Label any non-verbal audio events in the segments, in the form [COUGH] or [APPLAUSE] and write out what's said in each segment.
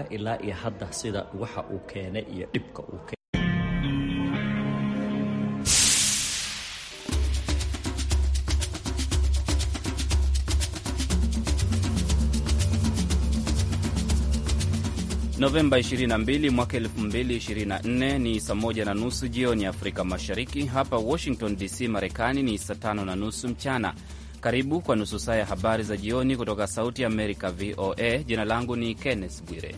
ah ilaa iyo hadda sida waxa uu keenay iyo dhibka uu keenay. Novemba 22 mwaka 2024 ni saa moja na nusu jioni Afrika Mashariki. Hapa Washington DC, Marekani ni saa tano na nusu mchana. Karibu kwa nusu saa ya habari za jioni kutoka Sauti Amerika, VOA. Jina langu ni Kenneth Bwire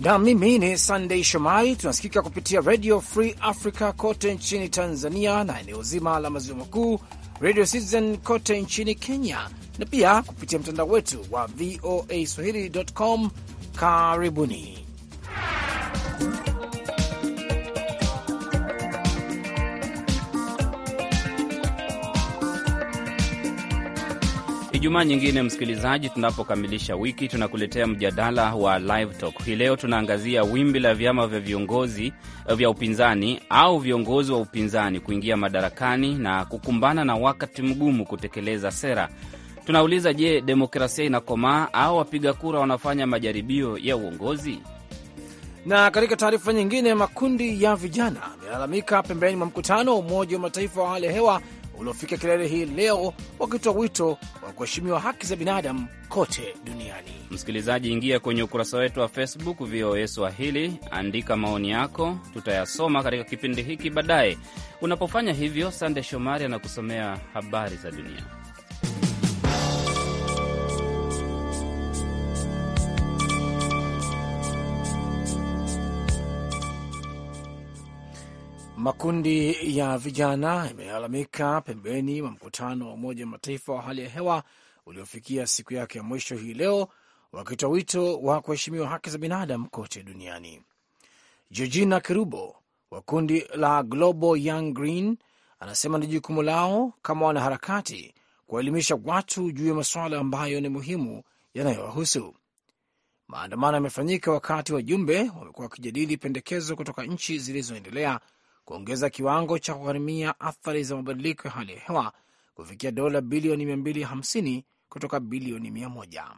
na mimi ni Sandei Shomari. Tunasikika kupitia Radio Free Africa kote nchini Tanzania na eneo zima la maziwa makuu, Radio Citizen kote nchini Kenya na pia kupitia mtandao wetu wa VOA swahili.com. Karibuni Ijumaa nyingine, msikilizaji, tunapokamilisha wiki tunakuletea mjadala wa Live Talk. Hii leo tunaangazia wimbi la vyama vya viongozi eh, vya upinzani au viongozi wa upinzani kuingia madarakani na kukumbana na wakati mgumu kutekeleza sera. Tunauliza, je, demokrasia inakomaa au wapiga kura wanafanya majaribio ya uongozi? Na katika taarifa nyingine, makundi ya vijana yamelalamika pembeni mwa mkutano wa Umoja wa Mataifa wa hali ya hewa uliofika kilele hii leo wakitoa wito wa kuheshimiwa haki za binadamu kote duniani. Msikilizaji, ingia kwenye ukurasa wetu wa Facebook VOA Swahili, andika maoni yako, tutayasoma katika kipindi hiki baadaye. Unapofanya hivyo, Sande Shomari anakusomea habari za dunia. Makundi ya vijana yamelalamika pembeni mwa mkutano wa Umoja wa Mataifa wa hali ya hewa uliofikia siku yake ya mwisho hii leo, wakitoa wito wa kuheshimiwa haki za binadamu kote duniani. Georgina Kirubo wa kundi la Global Young Green anasema ni jukumu lao kama wanaharakati kuwaelimisha watu juu ya masuala ambayo ni muhimu yanayowahusu. Maandamano yamefanyika wakati wajumbe wamekuwa wakijadili pendekezo kutoka nchi zilizoendelea kuongeza kiwango cha kugharimia athari za mabadiliko ya hali ya hewa kufikia dola bilioni 250 kutoka bilioni 100.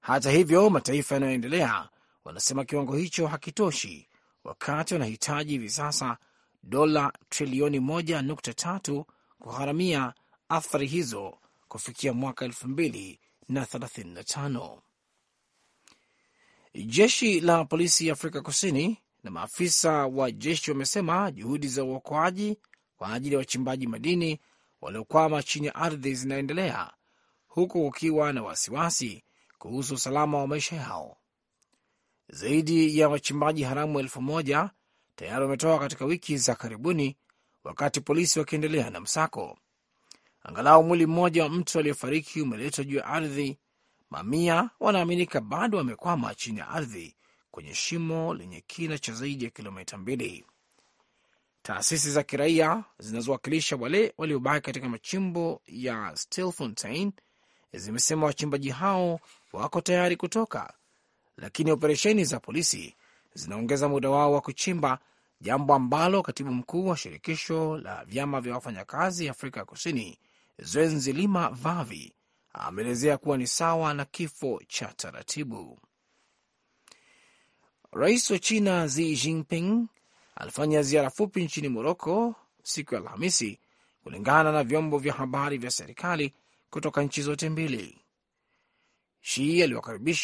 Hata hivyo, mataifa yanayoendelea wanasema kiwango hicho hakitoshi, wakati wanahitaji hivi sasa dola trilioni 1.3 kugharamia athari hizo kufikia mwaka 2035. Jeshi la polisi ya Afrika Kusini na maafisa wa jeshi wamesema juhudi za uokoaji kwa ajili ya wachimbaji madini waliokwama chini ya ardhi zinaendelea huku kukiwa na wasiwasi kuhusu usalama wa maisha yao. Zaidi ya wachimbaji haramu elfu moja tayari wametoka katika wiki za karibuni, wakati polisi wakiendelea na msako. Angalau mwili mmoja wa mtu aliyefariki umeletwa juu ya ardhi. Mamia wanaaminika bado wamekwama chini ya ardhi kwenye shimo lenye kina cha zaidi ya kilomita mbili. Taasisi za kiraia zinazowakilisha wale waliobaki katika machimbo ya Stilfontein zimesema wachimbaji hao wako tayari kutoka, lakini operesheni za polisi zinaongeza muda wao wa kuchimba, jambo ambalo katibu mkuu wa shirikisho la vyama vya wafanyakazi Afrika ya Kusini Zwenzilima Vavi ameelezea kuwa ni sawa na kifo cha taratibu. Rais wa China Xi Jinping alifanya ziara fupi nchini Moroko siku ya Alhamisi, kulingana na vyombo vya habari vya serikali kutoka nchi zote mbili. Shi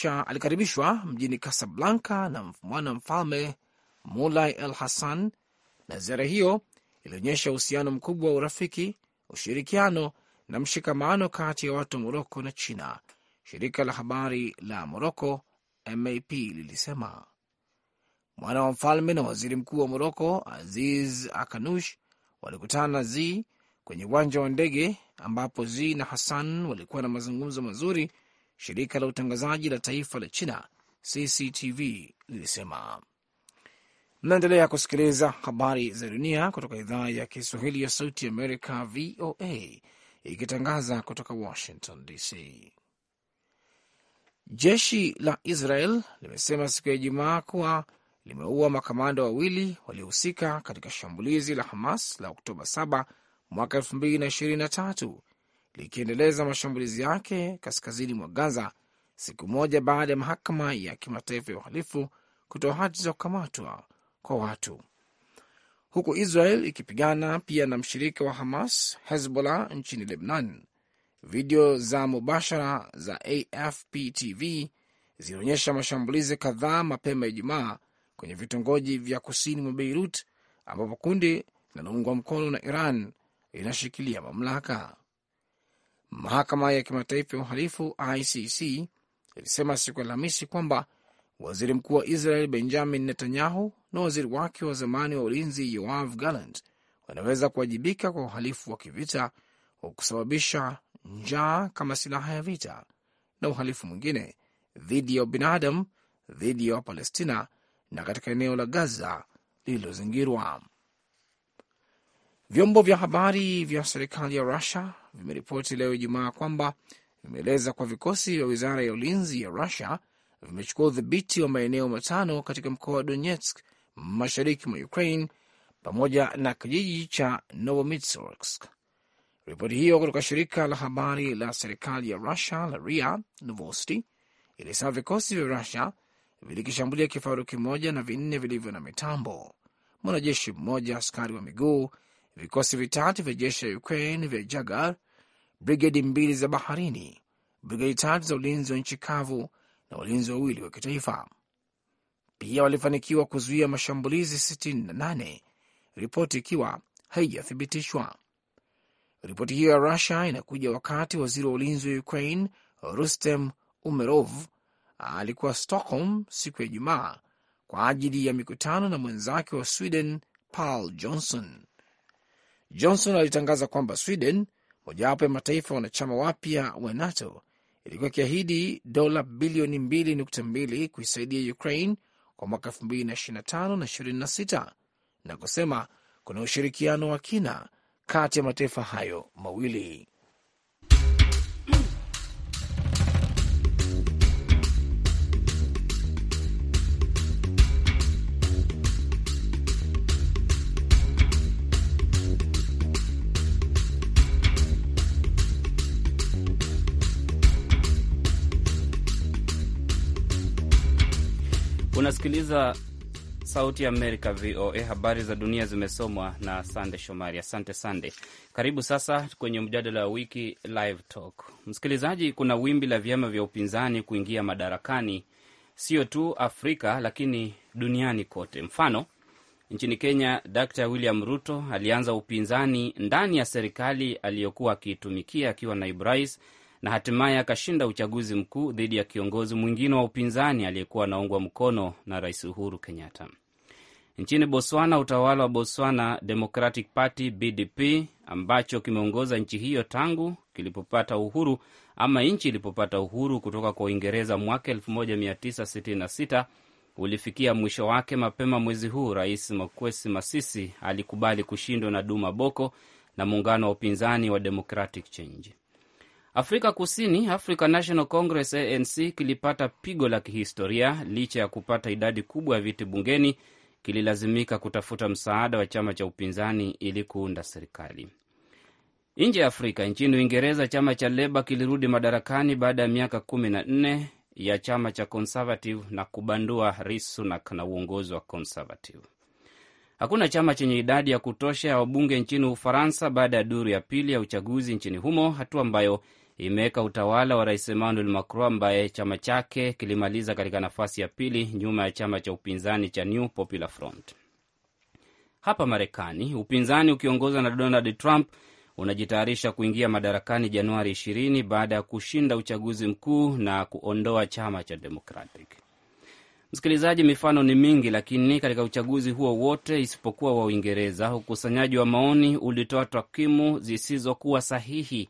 alikaribishwa mjini Kasablanka na mwana mfalme Mulai al Hassan, na ziara hiyo ilionyesha uhusiano mkubwa wa urafiki, ushirikiano na mshikamano kati ya watu wa Moroko na China, shirika la habari la Moroko MAP lilisema mwana wa mfalme na waziri mkuu wa Moroko Aziz Akanush walikutana na Z kwenye uwanja wa ndege ambapo Z na Hassan walikuwa na mazungumzo mazuri, shirika la utangazaji la taifa la China CCTV lilisema. Mnaendelea kusikiliza habari za dunia kutoka idhaa ya Kiswahili ya Sauti Amerika, VOA, ikitangaza kutoka Washington DC. Jeshi la Israel limesema siku ya Ijumaa kuwa limeua makamanda wawili waliohusika katika shambulizi la Hamas la Oktoba 7 mwaka 2023 likiendeleza mashambulizi yake kaskazini mwa Gaza siku moja baada ya mahakama ya kimataifa ya uhalifu kutoa hati za kukamatwa kwa watu, huku Israel ikipigana pia na mshirika wa Hamas, Hezbollah nchini Lebanon. Video za mubashara za AFP TV zilionyesha mashambulizi kadhaa mapema Ijumaa kwenye vitongoji vya kusini mwa Beirut ambapo kundi linaloungwa mkono na Iran linashikilia mamlaka. Mahakama ya Kimataifa ya Uhalifu ICC ilisema siku ya Alhamisi kwamba waziri mkuu wa Israel Benjamin Netanyahu na waziri wake wa zamani wa ulinzi Yoav Gallant wanaweza kuwajibika kwa uhalifu wa kivita wa kusababisha njaa kama silaha ya vita na uhalifu mwingine dhidi ya ubinadamu dhidi ya Wapalestina na katika eneo la Gaza lililozingirwa. Vyombo vya habari vya serikali ya Rusia vimeripoti leo Ijumaa kwamba vimeeleza kwa vikosi vya wizara ya ulinzi ya Rusia vimechukua udhibiti wa maeneo matano katika mkoa wa Donetsk mashariki mwa Ukraine pamoja na kijiji cha Novomitsorsk. Ripoti hiyo kutoka shirika la habari la serikali ya Rusia la RIA Novosti ilisema vikosi vya Rusia vilikishambulia kifaru kimoja na vinne vilivyo na mitambo, mwanajeshi mmoja, askari wa miguu, vikosi vitatu vya jeshi ya Ukraine vya Jagar, brigedi mbili za baharini, brigedi tatu za ulinzi wa nchi kavu na walinzi wawili wa kitaifa. Pia walifanikiwa kuzuia mashambulizi 68, ripoti ikiwa haijathibitishwa. Ripoti hiyo ya Rusia inakuja wakati waziri wa ulinzi wa Ukraine Rustem Umerov alikuwa Stockholm siku ya Ijumaa kwa ajili ya mikutano na mwenzake wa Sweden Paul Johnson. Johnson alitangaza kwamba Sweden, mojawapo ya mataifa wanachama wapya wa NATO, ilikuwa ikiahidi dola bilioni 2.2 kuisaidia Ukraine kwa mwaka 2025 na 26 na kusema kuna ushirikiano wa kina kati ya mataifa hayo mawili. Unasikiliza Sauti ya Amerika, VOA. Habari za dunia zimesomwa na Sande Shomari. Asante Sande. Karibu sasa kwenye mjadala wa wiki, Live Talk. Msikilizaji, kuna wimbi la vyama vya upinzani kuingia madarakani, sio tu Afrika lakini duniani kote. Mfano, nchini Kenya, dr William Ruto alianza upinzani ndani ya serikali aliyokuwa akiitumikia akiwa naibu rais na hatimaye akashinda uchaguzi mkuu dhidi ya kiongozi mwingine wa upinzani aliyekuwa anaungwa mkono na Rais Uhuru Kenyatta. Nchini Botswana, utawala wa Botswana Democratic Party BDP ambacho kimeongoza nchi hiyo tangu kilipopata uhuru ama nchi ilipopata uhuru kutoka kwa Uingereza mwaka 1966 ulifikia mwisho wake mapema mwezi huu. Rais Makwesi Masisi alikubali kushindwa na Duma Boko na muungano wa upinzani wa Democratic Change. Afrika Kusini, africa National Congress ANC kilipata pigo la kihistoria. Licha ya kupata idadi kubwa ya viti bungeni, kililazimika kutafuta msaada wa chama cha upinzani ili kuunda serikali. Nje ya Afrika, nchini Uingereza, chama cha Leba kilirudi madarakani baada ya miaka kumi na nne ya chama cha Conservative na kubandua Rishi Sunak na uongozi wa Conservative. Hakuna chama chenye idadi ya kutosha ya wabunge nchini Ufaransa baada ya duru ya pili ya uchaguzi nchini humo, hatua ambayo imeweka utawala wa rais Emmanuel Macron ambaye chama chake kilimaliza katika nafasi ya pili nyuma ya chama cha upinzani cha New Popular Front. Hapa Marekani, upinzani ukiongozwa na Donald Trump unajitayarisha kuingia madarakani Januari 20 baada ya kushinda uchaguzi mkuu na kuondoa chama cha Democratic. Msikilizaji, mifano ni mingi, lakini katika uchaguzi huo wote isipokuwa wa Uingereza, ukusanyaji wa maoni ulitoa takwimu zisizokuwa sahihi,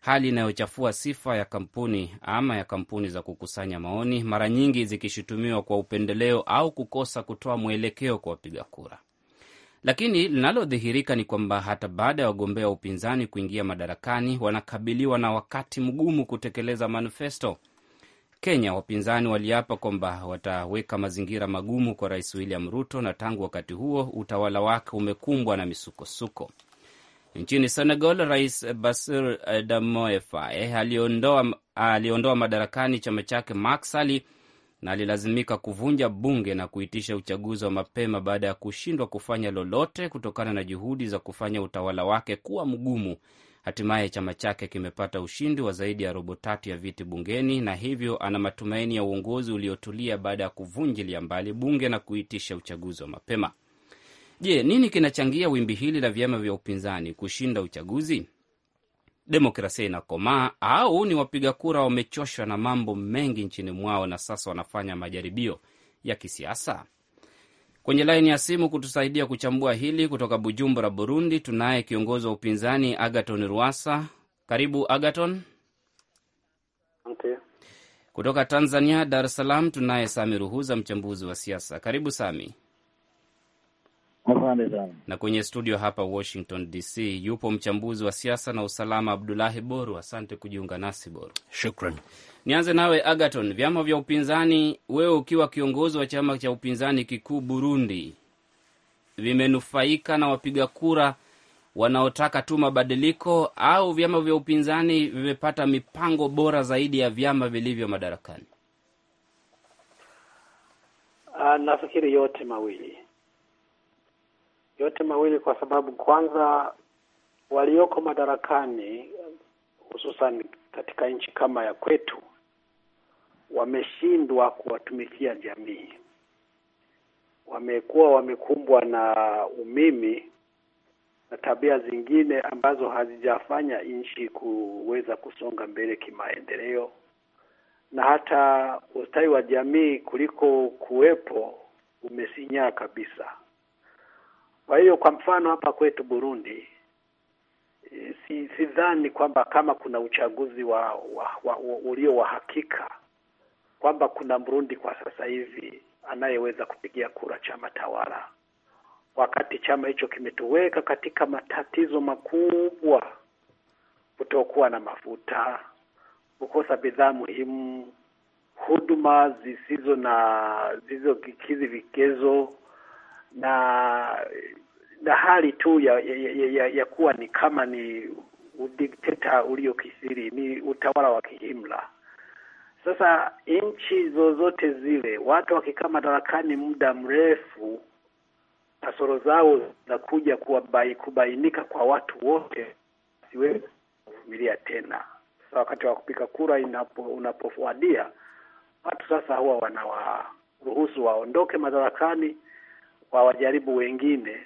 hali inayochafua sifa ya kampuni ama ya kampuni za kukusanya maoni, mara nyingi zikishutumiwa kwa upendeleo au kukosa kutoa mwelekeo kwa wapiga kura. Lakini linalodhihirika ni kwamba hata baada ya wagombea wa upinzani kuingia madarakani, wanakabiliwa na wakati mgumu kutekeleza manifesto. Kenya, wapinzani waliapa kwamba wataweka mazingira magumu kwa Rais William Ruto, na tangu wakati huo utawala wake umekumbwa na misukosuko. Nchini Senegal, Rais Basir Diomaye Faye aliondoa, aliondoa madarakani chama chake maxali na alilazimika kuvunja bunge na kuitisha uchaguzi wa mapema baada ya kushindwa kufanya lolote kutokana na juhudi za kufanya utawala wake kuwa mgumu Hatimaye chama chake kimepata ushindi wa zaidi ya robo tatu ya viti bungeni, na hivyo ana matumaini ya uongozi uliotulia baada ya kuvunjilia mbali bunge na kuitisha uchaguzi wa mapema. Je, nini kinachangia wimbi hili la vyama vya upinzani kushinda uchaguzi? Demokrasia inakomaa au ni wapiga kura wamechoshwa na mambo mengi nchini mwao na sasa wanafanya majaribio ya kisiasa? kwenye laini ya simu kutusaidia kuchambua hili. Kutoka Bujumbura, Burundi, tunaye kiongozi wa upinzani Agaton Rwasa. Karibu Agaton. Okay. Kutoka Tanzania, Dar es Salaam, tunaye Sami Ruhuza, mchambuzi wa siasa. Karibu Sami. Asante sana. Na kwenye studio hapa Washington DC yupo mchambuzi wa siasa na usalama Abdulahi Boru. Asante kujiunga nasi Boru. Shukran. Nianze nawe Agaton, vyama vya upinzani, wewe ukiwa kiongozi wa chama cha upinzani kikuu Burundi, vimenufaika na wapiga kura wanaotaka tu mabadiliko au vyama vya upinzani vimepata mipango bora zaidi ya vyama vilivyo madarakani? Ah, nafikiri yote mawili yote mawili, kwa sababu kwanza walioko madarakani hususan katika nchi kama ya kwetu wameshindwa kuwatumikia jamii, wamekuwa wamekumbwa na umimi na tabia zingine ambazo hazijafanya nchi kuweza kusonga mbele kimaendeleo na hata ustawi wa jamii kuliko kuwepo umesinyaa kabisa. Kwa hiyo kwa mfano hapa kwetu Burundi e, si sidhani kwamba kama kuna uchaguzi wa, wa, wa, wa ulio wa hakika kwamba kuna Mrundi kwa sasa hivi anayeweza kupigia kura chama tawala, wakati chama hicho kimetuweka katika matatizo makubwa: kutokuwa na mafuta, kukosa bidhaa muhimu, huduma zisizo na zisizokidhi vigezo na na hali tu ya, ya, ya, ya kuwa ni kama ni udikteta uliokisiri, ni utawala wa kihimla. Sasa nchi zozote zile, watu wakikaa madarakani muda mrefu, kasoro zao zinakuja kubainika kwa watu wote, siwezi kuvumilia tena. Sasa wakati wa kupiga kura inapo, unapofuadia watu sasa huwa wanawaruhusu waondoke madarakani kwa wajaribu wengine,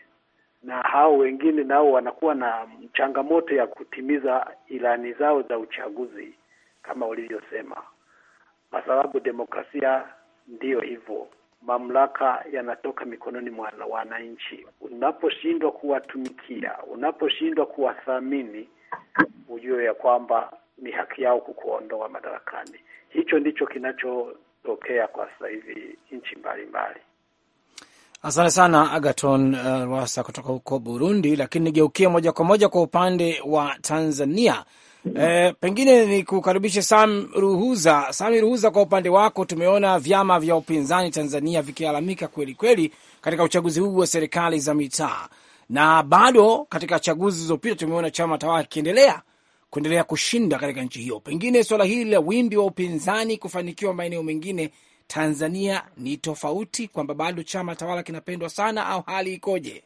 na hao wengine nao wanakuwa na changamoto ya kutimiza ilani zao za uchaguzi kama ulivyosema, kwa sababu demokrasia ndiyo hivyo, mamlaka yanatoka mikononi mwa wananchi. Unaposhindwa kuwatumikia, unaposhindwa kuwathamini, ujue ya kwamba ni haki yao kukuondoa madarakani. Hicho ndicho kinachotokea kwa sasa hivi nchi mbalimbali. Asante sana Agaton uh, kutoka huko Burundi. Lakini nigeukie moja kwa moja kwa upande wa Tanzania. E, pengine ni kukaribisha Sam Ruhuza. sam Ruhuza, kwa upande wako, tumeona vyama vya upinzani Tanzania vikilalamika kweli kweli katika uchaguzi huu wa serikali za mitaa, na bado katika chaguzi zilizopita tumeona chama tawala kikiendelea kuendelea kushinda katika nchi hiyo. Pengine swala hili la wimbi wa upinzani kufanikiwa maeneo mengine Tanzania ni tofauti, kwamba bado chama tawala kinapendwa sana, au hali ikoje?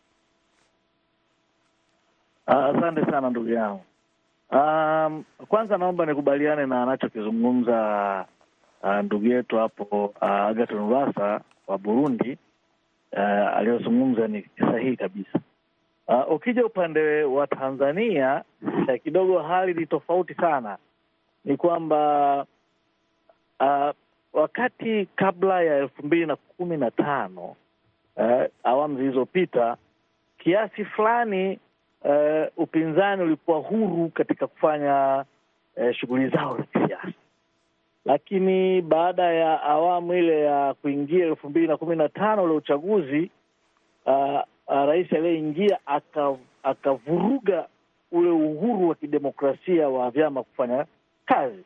Ah, asante uh, sana ndugu yangu. Um, kwanza naomba nikubaliane na anachokizungumza uh, ndugu yetu hapo uh, ah, Agaton Rasa wa Burundi uh, aliyozungumza ni sahihi kabisa. Uh, ukija upande wa Tanzania uh, kidogo hali ni tofauti sana, ni kwamba uh, wakati kabla ya elfu mbili na kumi na tano eh, awamu zilizopita kiasi fulani eh, upinzani ulikuwa huru katika kufanya eh, shughuli zao za kisiasa, lakini baada ya awamu ile ya kuingia elfu mbili na kumi na tano ule uchaguzi uh, rais aliyeingia akavuruga ule uhuru wa kidemokrasia wa vyama kufanya kazi,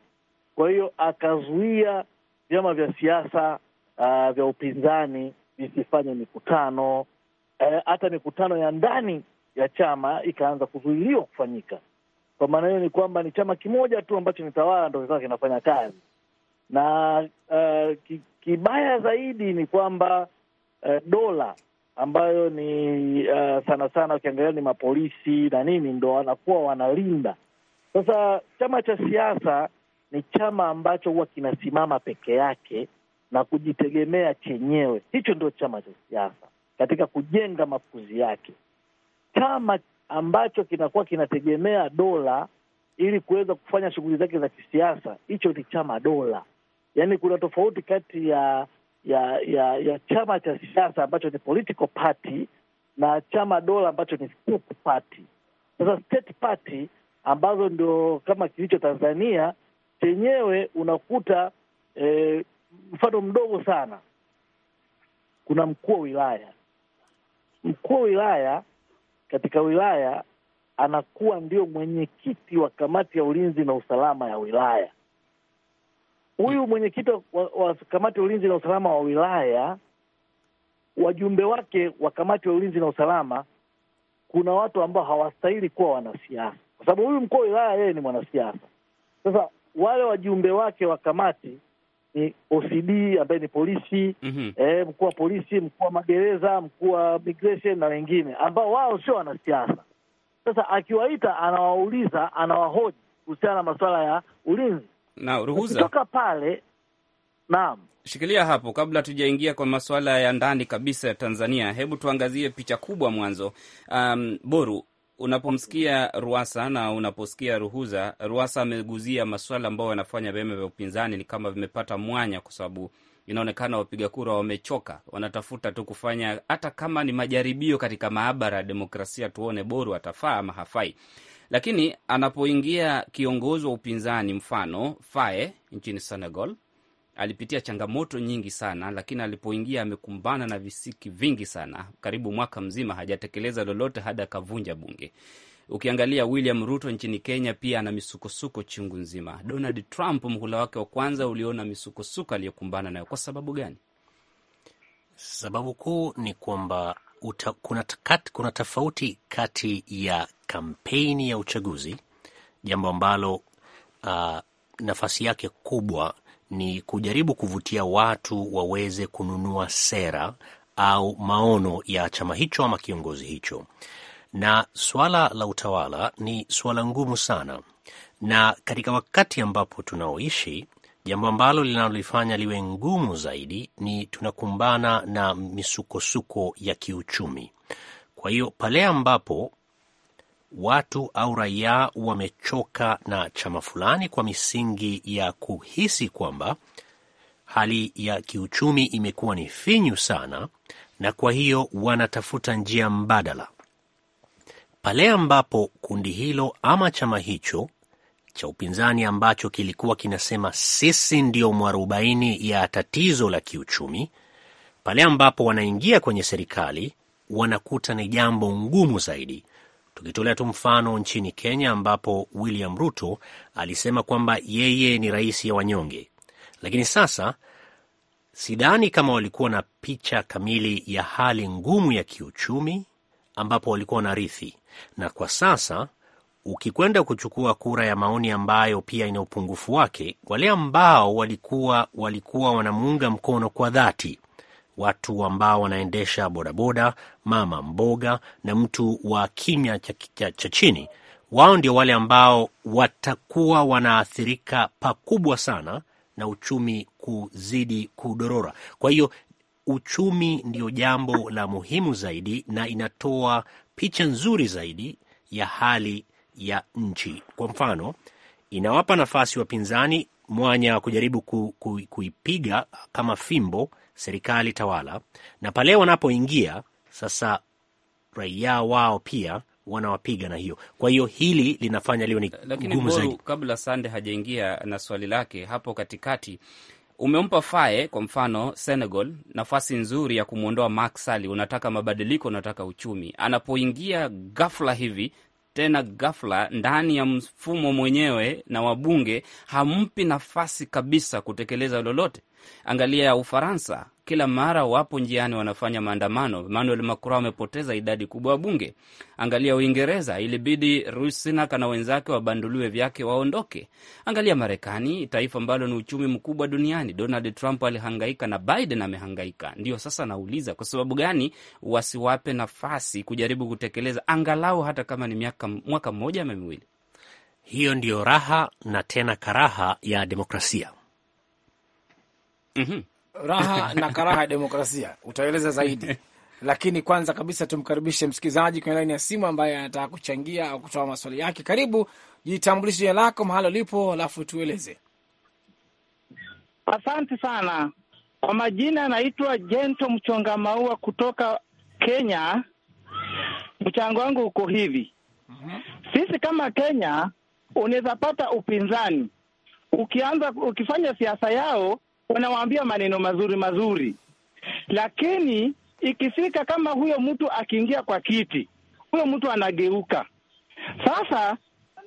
kwa hiyo akazuia vyama vya siasa uh, vya upinzani visifanye mikutano eh, hata uh, mikutano ya ndani ya chama ikaanza kuzuiliwa kufanyika. Kwa maana hiyo ni kwamba ni chama kimoja tu ambacho ni tawala ndo kikawa kinafanya kazi, na uh, ki, kibaya zaidi ni kwamba uh, dola ambayo ni uh, sana sana ukiangalia ni mapolisi na nini ndo wanakuwa wanalinda. Sasa chama cha siasa ni chama ambacho huwa kinasimama peke yake na kujitegemea chenyewe. Hicho ndio chama cha siasa katika kujenga makuzi yake. Chama ambacho kinakuwa kinategemea dola ili kuweza kufanya shughuli zake za kisiasa, hicho ni chama dola. Yaani kuna tofauti kati ya ya ya ya chama cha siasa ambacho ni political party na chama dola ambacho ni state party. Sasa state party ambazo ndio kama kilicho Tanzania chenyewe unakuta e, mfano mdogo sana, kuna mkuu wa wilaya. Mkuu wa wilaya katika wilaya anakuwa ndio mwenyekiti wa kamati ya ulinzi na usalama ya wilaya. Huyu mwenyekiti wa, wa kamati ya ulinzi na usalama wa wilaya, wajumbe wake wa kamati ya ulinzi na usalama, kuna watu ambao hawastahili kuwa wanasiasa, kwa sababu huyu mkuu wa wilaya yeye ni mwanasiasa. Sasa wale wajumbe wake wa kamati ni OCD ambaye ni polisi mm -hmm. eh, mkuu wa polisi, mkuu wa magereza, mkuu wa migration na wengine ambao wao sio wanasiasa. Sasa akiwaita anawauliza, anawahoji kuhusiana na masuala ya ulinzi na ruhusa. Kutoka pale, naam, shikilia hapo. Kabla tujaingia kwa masuala ya ndani kabisa ya Tanzania, hebu tuangazie picha kubwa mwanzo. Um, Boru, unapomsikia Ruasa na unaposikia Ruhuza, Ruasa ameguzia maswala ambayo wanafanya vyama vya upinzani ni kama vimepata mwanya, kwa sababu inaonekana wapiga kura wamechoka, wanatafuta tu kufanya hata kama ni majaribio katika maabara ya demokrasia, tuone boru atafaa ama hafai. Lakini anapoingia kiongozi wa upinzani, mfano Faye nchini Senegal, alipitia changamoto nyingi sana, lakini alipoingia amekumbana na visiki vingi sana. Karibu mwaka mzima hajatekeleza lolote, hadi akavunja bunge. Ukiangalia William Ruto nchini Kenya pia ana misukosuko chungu nzima. Donald Trump mhula wake wa kwanza uliona misukosuko aliyokumbana nayo. Kwa sababu gani? Sababu kuu ni kwamba uta, kuna, kat, kuna tofauti kati ya kampeni ya uchaguzi, jambo ambalo uh, nafasi yake kubwa ni kujaribu kuvutia watu waweze kununua sera au maono ya chama hicho ama kiongozi hicho. Na suala la utawala ni suala ngumu sana, na katika wakati ambapo tunaoishi, jambo ambalo linalolifanya liwe ngumu zaidi ni tunakumbana na misukosuko ya kiuchumi. Kwa hiyo pale ambapo watu au raia wamechoka na chama fulani kwa misingi ya kuhisi kwamba hali ya kiuchumi imekuwa ni finyu sana, na kwa hiyo wanatafuta njia mbadala. Pale ambapo kundi hilo ama chama hicho cha upinzani ambacho kilikuwa kinasema sisi ndio mwarobaini ya tatizo la kiuchumi, pale ambapo wanaingia kwenye serikali wanakuta ni jambo ngumu zaidi Tukitolea tu mfano nchini Kenya, ambapo William Ruto alisema kwamba yeye ni rais ya wanyonge, lakini sasa sidhani kama walikuwa na picha kamili ya hali ngumu ya kiuchumi ambapo walikuwa na rithi, na kwa sasa ukikwenda kuchukua kura ya maoni ambayo pia ina upungufu wake, wale ambao walikuwa walikuwa wanamuunga mkono kwa dhati watu ambao wanaendesha bodaboda, mama mboga na mtu wa kimya cha, cha, cha chini, wao ndio wale ambao watakuwa wanaathirika pakubwa sana na uchumi kuzidi kudorora. Kwa hiyo uchumi ndio jambo la muhimu zaidi, na inatoa picha nzuri zaidi ya hali ya nchi. Kwa mfano, inawapa nafasi wapinzani mwanya wa kujaribu ku, ku, kuipiga kama fimbo serikali tawala, na pale wanapoingia sasa raia wao pia wanawapiga na hiyo. Kwa hiyo hili linafanya liwe ni gumu zaidi. Kabla Sande hajaingia na swali lake hapo katikati, umempa Faye kwa mfano Senegal nafasi nzuri ya kumwondoa Macky Sall. Unataka mabadiliko, unataka uchumi, anapoingia ghafla hivi tena ghafla ndani ya mfumo mwenyewe na wabunge hampi nafasi kabisa kutekeleza lolote. Angalia ya Ufaransa kila mara wapo njiani wanafanya maandamano. Emmanuel Macron amepoteza idadi kubwa ya bunge. Angalia Uingereza, ilibidi Rishi Sunak na wenzake wabanduliwe vyake waondoke. Angalia Marekani, taifa ambalo ni uchumi mkubwa duniani. Donald Trump alihangaika na Biden amehangaika. Ndio sasa nauliza, kwa sababu gani wasiwape nafasi kujaribu kutekeleza angalau hata kama ni miaka mwaka mmoja ama miwili? Hiyo ndiyo raha na tena karaha ya demokrasia. mm -hmm raha na karaha ya demokrasia utaeleza zaidi [LAUGHS] lakini kwanza kabisa tumkaribishe msikilizaji kwenye laini ya simu ambaye anataka kuchangia au kutoa maswali yake. Karibu, jitambulishe jina lako, mahali ulipo, alafu tueleze. Asante sana kwa majina, anaitwa Jento Mchonga Maua kutoka Kenya. Mchango wangu uko hivi. mm Sisi kama Kenya unaweza pata upinzani ukianza ukifanya siasa yao unawaambia maneno mazuri mazuri, lakini ikifika kama huyo mtu akiingia kwa kiti, huyo mtu anageuka. Sasa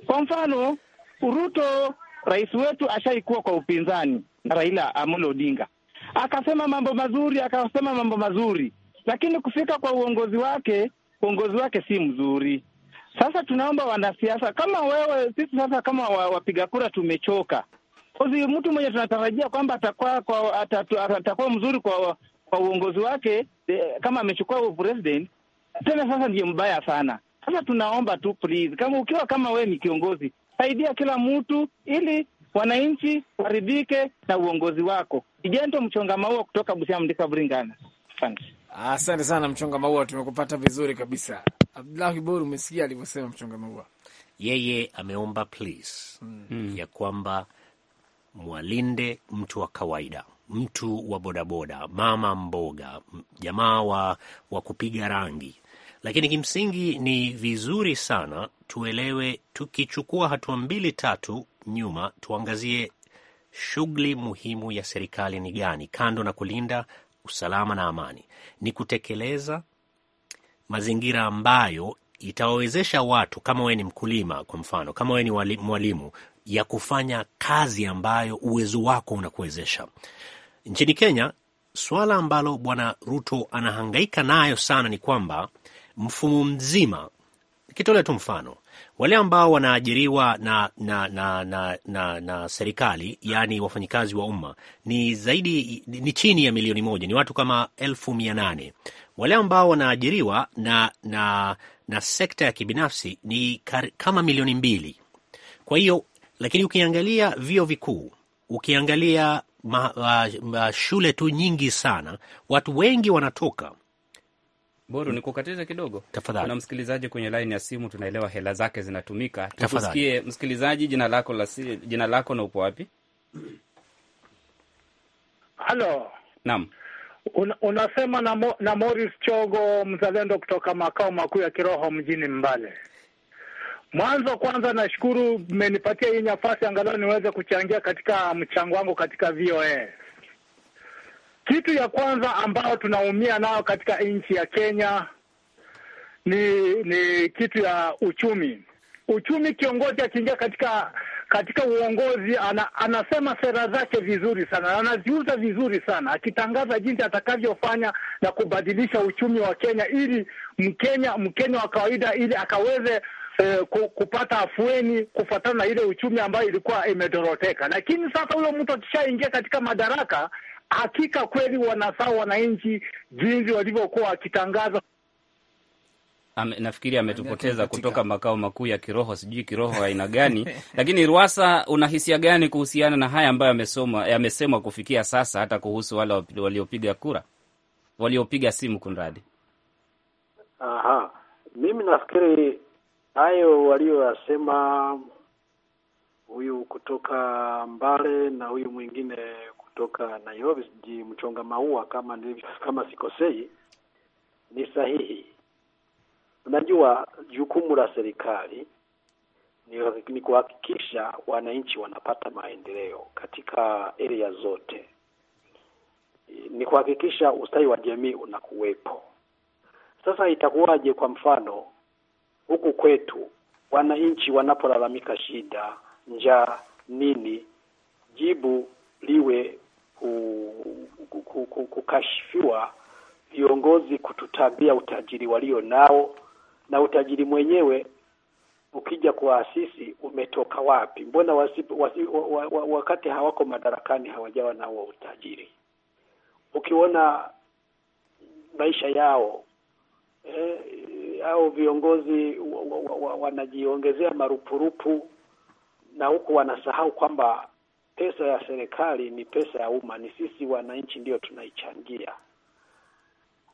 kwa mfano, Ruto rais wetu ashaikuwa kwa upinzani na Raila Amolo Odinga, akasema mambo mazuri, akasema mambo mazuri, lakini kufika kwa uongozi wake, uongozi wake si mzuri. Sasa tunaomba wanasiasa kama wewe, sisi sasa kama wapiga kura tumechoka Kozi mtu mwenye tunatarajia kwamba atakuwa kwa, atakuwa mzuri kwa kwa uongozi wake de, eh, kama amechukua president tena sasa ndiye mbaya sana. Sasa tunaomba tu please, kama ukiwa kama wewe ni kiongozi, saidia kila mtu ili wananchi waridhike na uongozi wako. Ijento Mchonga Maua kutoka Busia mdika Bringana. Asante, sana Mchonga Maua, tumekupata vizuri kabisa. Abdulahi Boru, umesikia alivyosema Mchonga Maua, yeye ameomba please, hmm, ya kwamba mwalinde mtu wa kawaida, mtu wa bodaboda, mama mboga, jamaa wa, wa kupiga rangi. Lakini kimsingi ni vizuri sana tuelewe, tukichukua hatua mbili tatu nyuma, tuangazie shughuli muhimu ya serikali ni gani, kando na kulinda usalama na amani, ni kutekeleza mazingira ambayo itawawezesha watu. Kama wewe ni mkulima, kwa mfano, kama wewe ni mwalimu, ya kufanya kazi ambayo uwezo wako unakuwezesha. Nchini Kenya, swala ambalo Bwana Ruto anahangaika nayo sana ni kwamba mfumo mzima, kitolea tu mfano, wale ambao wanaajiriwa na, na, na, na, na, na serikali, yaani wafanyikazi wa umma ni zaidi, ni chini ya milioni moja, ni watu kama elfu mia nane. Wale ambao wanaajiriwa na, na, na sekta ya kibinafsi ni kar, kama milioni mbili. Kwa hiyo lakini ukiangalia vyuo vikuu, ukiangalia ma, ma, ma shule tu nyingi sana, watu wengi wanatoka Boru, ni kukatiza kidogo. Tafadhali. Kuna msikilizaji kwenye laini ya simu, tunaelewa hela zake zinatumika. Tukusikie msikilizaji, jina lako la jina lako na upo wapi? Halo. Naam. Una, unasema na, Mo, na Morris Chogo mzalendo kutoka makao makuu ya kiroho mjini Mbale. Mwanzo kwanza, nashukuru mmenipatia hii nafasi angalau niweze kuchangia katika mchango wangu katika VOA. Kitu ya kwanza ambayo tunaumia nayo katika nchi ya Kenya ni ni kitu ya uchumi. Uchumi, kiongozi akiingia katika katika uongozi ana, anasema sera zake vizuri sana, anaziuza vizuri sana, akitangaza jinsi atakavyofanya na kubadilisha uchumi wa Kenya ili Mkenya Mkenya wa kawaida ili akaweze eh, kupata afueni kufuatana na ile uchumi ambayo ilikuwa imedoroteka. Lakini sasa huyo mtu akishaingia katika madaraka, hakika kweli wanasaa wananchi jinsi walivyokuwa wakitangaza. Nafikiri ametupoteza kutoka makao makuu ya kiroho, sijui kiroho aina gani. [LAUGHS] Lakini Rwasa, una hisia gani kuhusiana na haya ambayo yamesoma yamesemwa kufikia sasa, hata kuhusu wale waliopiga kura, waliopiga simu kunradi? Aha, mimi nafikiri Hayo walioyasema huyu kutoka Mbale na huyu mwingine kutoka Nairobi, siji mchonga maua, kama kama sikosei, ni sahihi. Unajua, jukumu la serikali ni kuhakikisha wananchi wanapata maendeleo katika area zote, ni kuhakikisha ustawi wa jamii unakuwepo. Sasa itakuwaje? Kwa mfano huku kwetu wananchi wanapolalamika shida, njaa, nini, jibu liwe kukashifiwa, viongozi kututambia utajiri walio nao, na utajiri mwenyewe ukija kuwaasisi umetoka wapi? Mbona wasi, wasi, wakati hawako madarakani hawajawa nao utajiri? Ukiona maisha yao eh, au viongozi wanajiongezea marupurupu na huku wanasahau kwamba pesa ya serikali ni pesa ya umma, ni sisi wananchi ndio tunaichangia.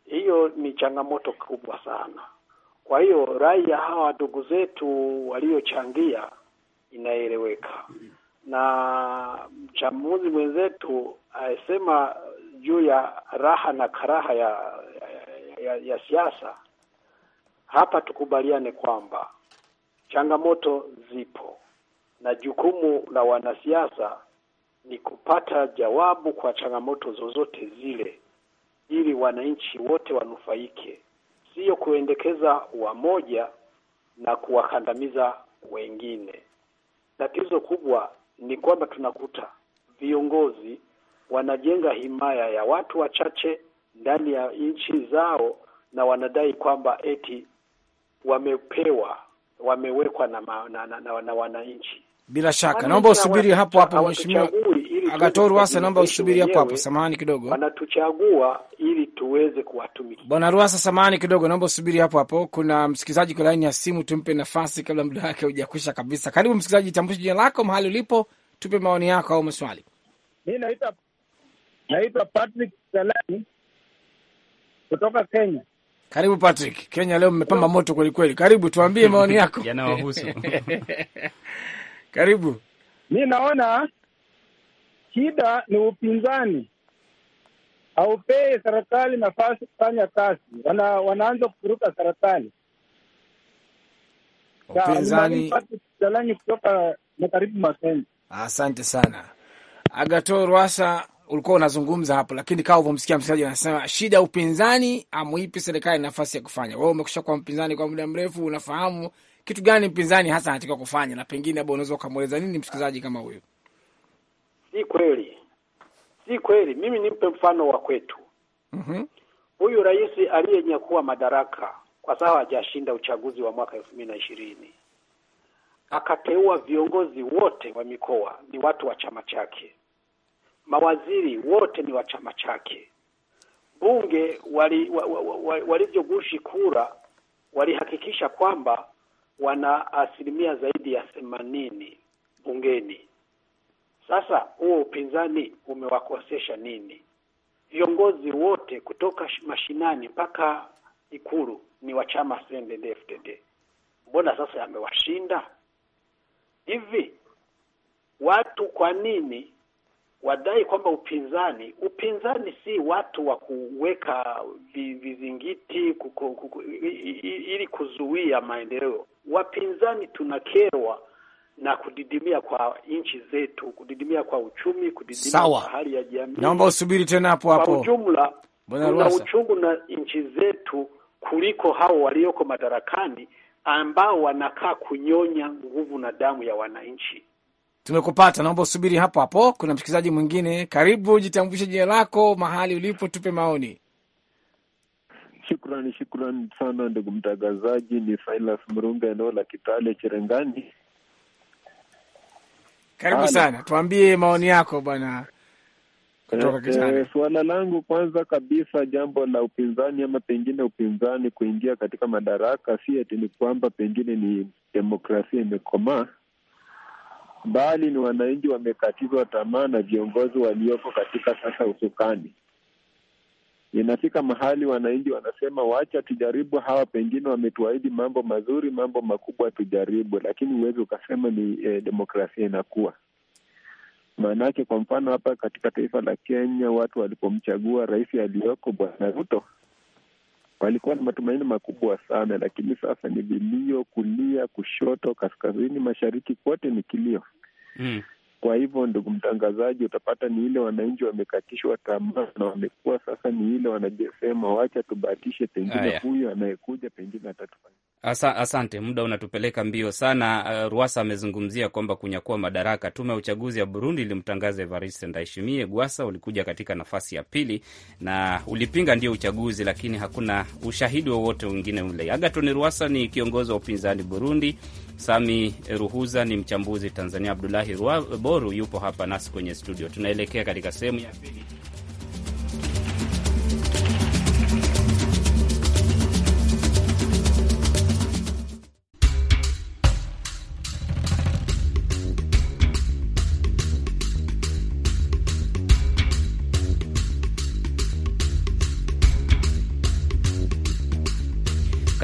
Hiyo ni changamoto kubwa sana. Kwa hiyo rai ya hawa ndugu zetu waliochangia inaeleweka, na mchambuzi mwenzetu alisema juu ya raha na karaha ya ya, ya siasa, hapa tukubaliane kwamba changamoto zipo na jukumu la wanasiasa ni kupata jawabu kwa changamoto zozote zile, ili wananchi wote wanufaike, sio kuendekeza wamoja na kuwakandamiza wengine. Tatizo kubwa ni kwamba tunakuta viongozi wanajenga himaya ya watu wachache ndani ya nchi zao, na wanadai kwamba eti wamepewa wamewekwa na, ma, na, na, na, na wananchi. Bila shaka naomba usubiri hapo hapo, Mheshimiwa Agathon Rwasa, naomba usubiri hapo hapo. Samahani kidogo, wanatuchagua ili tuweze kuwatumikia. Bwana Rwasa, samahani kidogo, naomba usubiri hapo hapo. Kuna msikilizaji kwa laini ya simu, tumpe nafasi kabla muda wake hujakwisha kabisa. Karibu msikilizaji, tambulishe jina lako, mahali ulipo, tupe maoni yako au maswali. Mi naitwa naitwa Patrick Salani kutoka Kenya. Karibu Patrick. Kenya leo mmepamba moto kweli kweli. Karibu tuambie maoni [LAUGHS] yako [LAUGHS] Karibu. Mi naona shida ni upinzani, haupei serikali nafasi kufanya kazi, wana, wanaanza kufuruka serikali. Upinzani kutoka makaribu mwa Kenya. Asante sana Agato Rwasa ulikuwa unazungumza hapo, lakini kama ulivyomsikia msikilizaji anasema shida ya upinzani amuipi serikali nafasi ya kufanya. Wewe umekusha kuwa mpinzani kwa muda mrefu, unafahamu kitu gani mpinzani hasa anatakiwa kufanya, na pengine labda unaweza ukamweleza nini msikilizaji kama huyo? Si kweli, si kweli. Mimi nimpe mfano wa kwetu mhm. huyu. mm-hmm. Rais aliyenyakua madaraka kwa sababu hajashinda uchaguzi wa mwaka elfu mbili na ishirini akateua viongozi wote wa mikoa ni watu wa chama chake mawaziri wote ni wa chama chake. Bunge walivyogushi wali, wali, kura walihakikisha kwamba wana asilimia zaidi ya themanini bungeni. Sasa huo upinzani umewakosesha nini? Viongozi wote kutoka mashinani mpaka Ikulu ni wa chama CNDD-FDD. Mbona sasa yamewashinda hivi watu? Kwa nini wadai kwamba upinzani upinzani si watu wa kuweka vizingiti kuku, kuku, ili kuzuia maendeleo. Wapinzani tunakerwa na kudidimia kwa nchi zetu, kudidimia kwa uchumi, kudidimia Sawa. kwa hali ya jamii. Naomba usubiri tena hapo hapo. Kwa ujumla kuna uchungu na nchi zetu kuliko hao walioko madarakani ambao wanakaa kunyonya nguvu na damu ya wananchi. Tumekupata, naomba usubiri hapo hapo, kuna msikilizaji mwingine. Karibu, jitambulishe jina lako, mahali ulipo, tupe maoni. Shukrani, shukrani sana ndugu mtangazaji. Ni Silas Mrunga, eneo la Kitale, Cherengani. Karibu sana, tuambie maoni yako bwana. E, suala langu kwanza kabisa, jambo la upinzani ama pengine upinzani kuingia katika madaraka, si ati ni kwamba pengine ni demokrasia imekomaa bali ni wananchi wamekatizwa tamaa na viongozi walioko katika sasa usukani. Inafika mahali wananchi wanasema, wacha tujaribu, hawa pengine wametuahidi mambo mazuri, mambo makubwa, tujaribu. Lakini huwezi ukasema ni eh, demokrasia inakuwa maanake. Kwa mfano hapa katika taifa la Kenya, watu walipomchagua rais aliyoko Bwana Ruto walikuwa na matumaini makubwa sana, lakini sasa ni vilio kulia, kushoto, kaskazini, mashariki, kote ni kilio mm. Kwa hivyo ndugu mtangazaji, utapata ni ile wananchi wamekatishwa tamaa na wamekuwa sasa, ni ile wanajesema wacha tubatishe pengine huyu anayekuja pengine atatufanya Asa, asante, muda unatupeleka mbio sana. Uh, Rwasa amezungumzia kwamba kunyakua madaraka. Tume ya uchaguzi ya Burundi ilimtangaza Evariste Ndayishimiye Gwasa, ulikuja katika nafasi ya pili na ulipinga ndio uchaguzi, lakini hakuna ushahidi wowote wengine ule. agaton Rwasa ni kiongozi wa upinzani Burundi. Sami Ruhuza ni mchambuzi Tanzania. Abdulahi Boru yupo hapa nasi kwenye studio. Tunaelekea katika sehemu ya pili.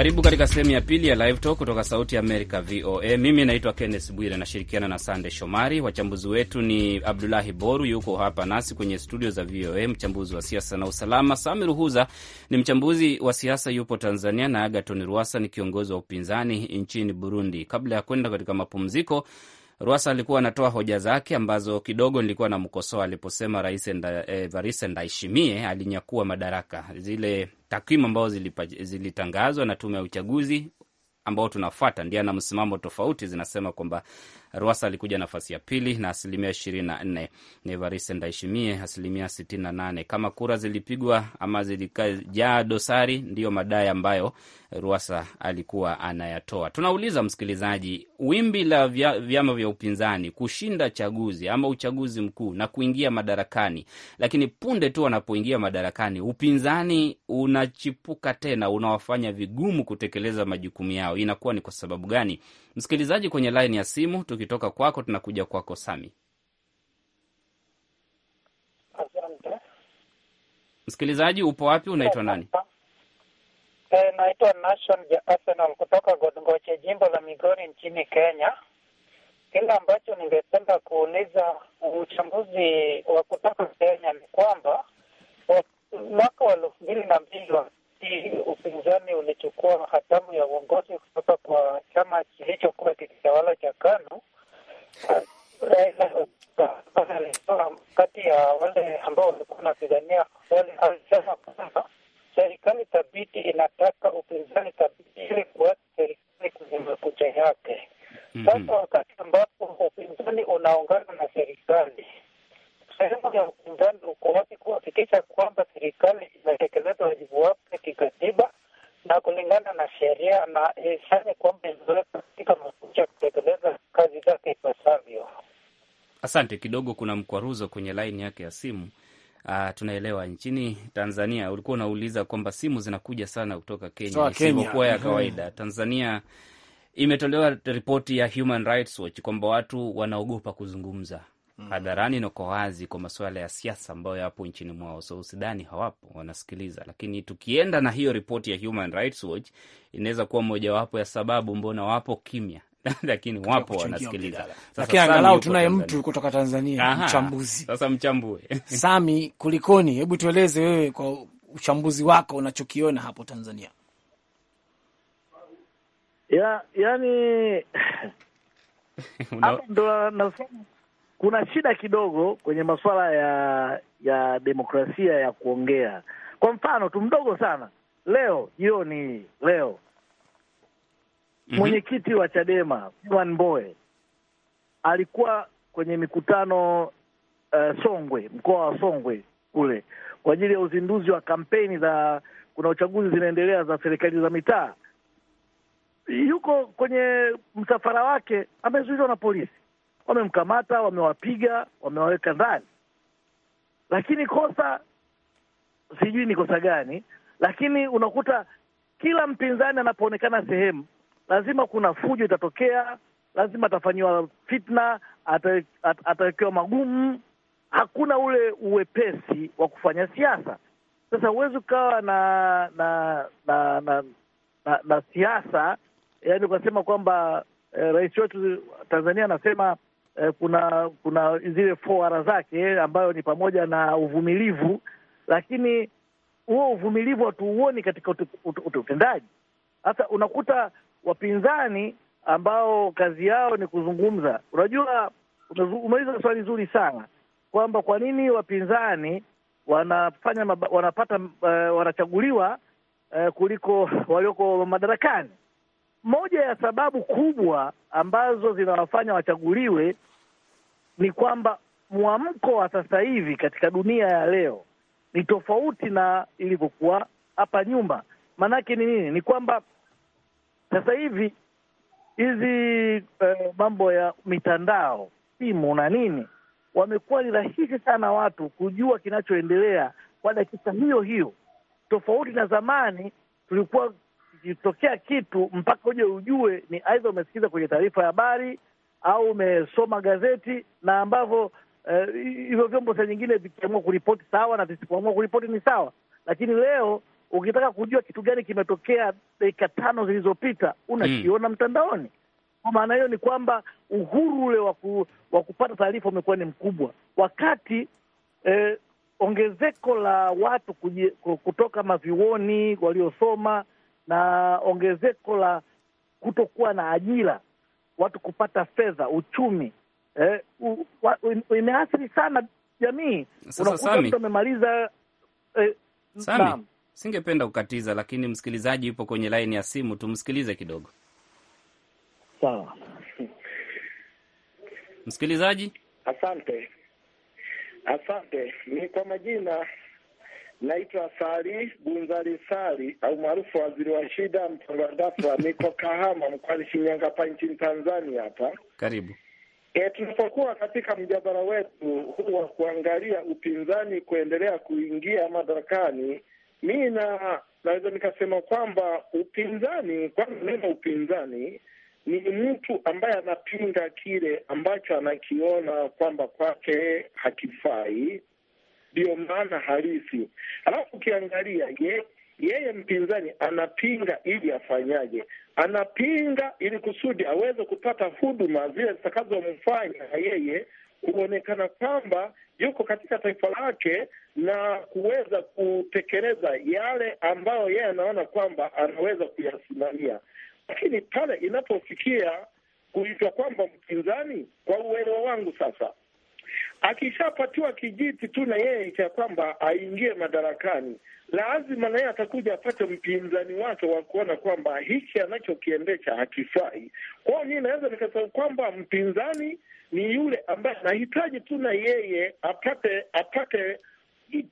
Karibu katika sehemu ya pili ya Live Talk kutoka Sauti ya Amerika, VOA. Mimi naitwa Kenneth Bwire, nashirikiana na Sande Shomari. Wachambuzi wetu ni Abdulahi Boru, yuko hapa nasi kwenye studio za VOA, mchambuzi wa siasa na usalama. Sami Ruhuza ni mchambuzi wa siasa, yupo Tanzania, na Agaton ruasa ni kiongozi wa upinzani nchini Burundi. Kabla ya kwenda katika mapumziko Rwasa alikuwa anatoa hoja zake ambazo kidogo nilikuwa namkosoa aliposema Rais Evariste Ndayishimiye alinyakua madaraka. Zile takwimu ambazo zilitangazwa na tume ya uchaguzi ambao tunafuata, ndi ana msimamo tofauti, zinasema kwamba Rwasa alikuja nafasi ya pili na asilimia 24. Evariste Ndayishimiye asilimia 68. Kama kura zilipigwa ama zilijaa dosari, ndiyo madai ambayo Rwasa alikuwa anayatoa. Tunauliza msikilizaji, wimbi la vya, vyama vya upinzani kushinda chaguzi ama uchaguzi mkuu na kuingia madarakani, lakini punde tu wanapoingia madarakani upinzani unachipuka tena, unawafanya vigumu kutekeleza majukumu yao. Inakuwa ni kwa sababu gani? Msikilizaji kwenye laini ya simu, tukitoka kwako tunakuja kwako Sami. Msikilizaji upo wapi? Unaitwa nani? E, naitwa Nation ya Arsenal kutoka Godgoche, jimbo la Migori nchini Kenya. Kile ambacho ningependa kuuliza uchambuzi wa kutoka Kenya ni kwamba mwaka wa elfu mbili na mbili wakati upinzani ulichukua hatamu ya uongozi kutoka kwa chama kilichokuwa kikitawala cha KANU, alitoa kati ya wale ambao walikuwa wanapigania wale, alisema kwamba serikali thabiti inataka upinzani thabiti ili kuweka serikali kwenye makucha yake. Mhm. Sasa wakati ambapo upinzani unaungana na serikali sehemu ya upinzani uko wapi kuhakikisha kwamba serikali imetekeleza wajibu wake kikatiba na kulingana na sheria na ifanye kwamba imeweka katika makucha ya kutekeleza kazi zake ipasavyo. Asante. Kidogo kuna mkwaruzo kwenye laini yake ya simu. Uh, tunaelewa nchini Tanzania ulikuwa unauliza kwamba simu zinakuja sana kutoka Kenya isivyokuwa ya mhm. kawaida. Tanzania imetolewa ripoti ya Human Rights Watch kwamba watu wanaogopa kuzungumza mm. hadharani na kwa wazi kwa masuala ya siasa ambayo yapo nchini mwao. So usidhani hawapo, wanasikiliza. Lakini tukienda na hiyo ripoti ya Human Rights Watch, inaweza kuwa mojawapo ya sababu mbona wapo kimya [LAUGHS] lakini wapo wanasikiliza. Lakini angalau tunaye mtu kutoka Tanzania. Aha, mchambuzi sasa, mchambue [LAUGHS] Sami, kulikoni? Hebu tueleze wewe kwa uchambuzi wako unachokiona hapo Tanzania. Ya, yani [LAUGHS] hapo ndo nasema kuna shida kidogo kwenye masuala ya ya demokrasia ya kuongea. Kwa mfano tu mdogo sana, leo jioni hii leo mm -hmm. mwenyekiti wa Chadema Freeman Mbowe alikuwa kwenye mikutano uh, Songwe, mkoa wa Songwe kule kwa ajili ya uzinduzi wa kampeni za kuna uchaguzi zinaendelea za serikali za mitaa. Yuko kwenye msafara wake amezuiliwa na polisi wamemkamata, wamewapiga, wamewaweka ndani, lakini kosa sijui ni kosa gani, lakini unakuta kila mpinzani anapoonekana sehemu, lazima kuna fujo itatokea, lazima atafanyiwa fitna, atawekewa magumu. Hakuna ule uwepesi wa kufanya siasa. Sasa huwezi ukawa na na na na, na, na siasa, yaani ukasema kwamba eh, rais wetu Tanzania anasema eh, kuna kuna zile foara zake ambayo ni pamoja na uvumilivu, lakini huo uvumilivu hatuuoni katika utendaji. Sasa unakuta wapinzani ambao kazi yao ni kuzungumza. Unajua, umeuliza swali zuri sana kwamba kwa nini wapinzani wanafanya wanapata uh, wanachaguliwa uh, kuliko walioko madarakani. Moja ya sababu kubwa ambazo zinawafanya wachaguliwe ni kwamba mwamko wa sasa hivi katika dunia ya leo ni tofauti na ilivyokuwa hapa nyuma. Maanake ni nini? Ni kwamba sasa hivi hizi eh, mambo ya mitandao, simu na nini, wamekuwa ni rahisi sana watu kujua kinachoendelea kwa dakika hiyo hiyo, tofauti na zamani tulikuwa kikitokea kitu mpaka uje ujue ni aidha umesikiza kwenye taarifa ya habari au umesoma gazeti, na ambavyo eh, hivyo uh, vyombo saa nyingine vikiamua kuripoti sawa, na visipoamua kuripoti ni sawa. Lakini leo ukitaka kujua kitu gani kimetokea dakika tano zilizopita unakiona mm, mtandaoni. Kwa maana hiyo ni kwamba uhuru ule wa kupata taarifa umekuwa ni mkubwa, wakati eh, ongezeko la watu kujie, kutoka mavyuoni waliosoma na ongezeko la kutokuwa na ajira, watu kupata fedha, uchumi eh, imeathiri sana jamii. Unakuta mtu amemaliza eh, singependa kukatiza, lakini msikilizaji yupo kwenye laini ya simu, tumsikilize kidogo. Sawa msikilizaji, asante asante. Ni kwa majina Naitwa sari Bunzari sari au maarufu waziri wa shida mtangandafla. Niko Kahama mkoani Shinyanga hapa nchini Tanzania. Hapa karibu. E, tunapokuwa katika mjadala wetu huu wa kuangalia upinzani kuendelea kuingia madarakani, mi na naweza nikasema kwamba upinzani, kwanza neno upinzani ni mtu ambaye anapinga kile ambacho anakiona kwamba kwake hakifai ndiyo maana halisi. alafu ukiangalia ye, yeye mpinzani anapinga ili afanyaje? Anapinga ili kusudi aweze kupata huduma zile zitakazomfanya yeye kuonekana kwamba yuko katika taifa lake na kuweza kutekeleza yale ambayo yeye anaona kwamba anaweza kuyasimamia. Lakini pale inapofikia kuitwa kwamba mpinzani, kwa uelewa wangu sasa Akishapatiwa kijiti tu na yeye cha kwamba aingie madarakani, lazima na yeye atakuja apate mpinzani wake wa kuona kwamba hiki anachokiendesha hakifai kwao. mi naweza nikasema kwamba mpinzani ni yule ambaye anahitaji tu na yeye apate apate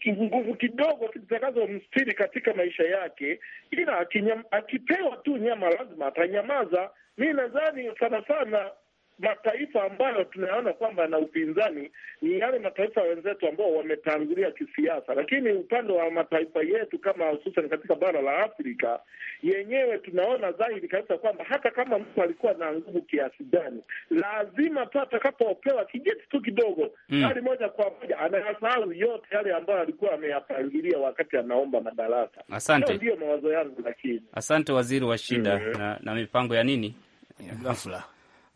nguvu kidogo zitakazomstiri katika maisha yake, ila akipewa tu nyama lazima atanyamaza. Mi nadhani sana sana mataifa ambayo tunaona kwamba na upinzani ni yale mataifa wenzetu ambao wametangulia kisiasa, lakini upande wa mataifa yetu kama hususan katika bara la Afrika yenyewe tunaona dhahiri kabisa kwamba hata kama mtu alikuwa na nguvu kiasi gani, lazima tu atakapopewa kijeti tu kidogo, hali mm, moja kwa moja anayasahau yote yale ambayo alikuwa ameyapangilia wakati anaomba madaraka. Asante, ndiyo mawazo yangu. Lakini asante waziri wa shida mm, na, na mipango ya nini ghafla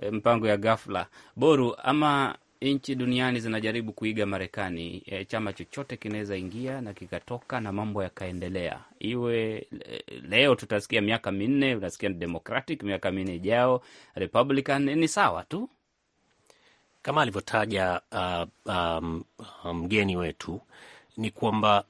Eh, mpango ya ghafla boru ama nchi duniani zinajaribu kuiga Marekani. E, chama chochote kinaweza ingia na kikatoka na mambo yakaendelea. Iwe eh, leo tutasikia miaka minne, unasikia Democratic, miaka minne ijao Republican. Ni sawa tu kama alivyotaja mgeni uh, um, um wetu, ni kwamba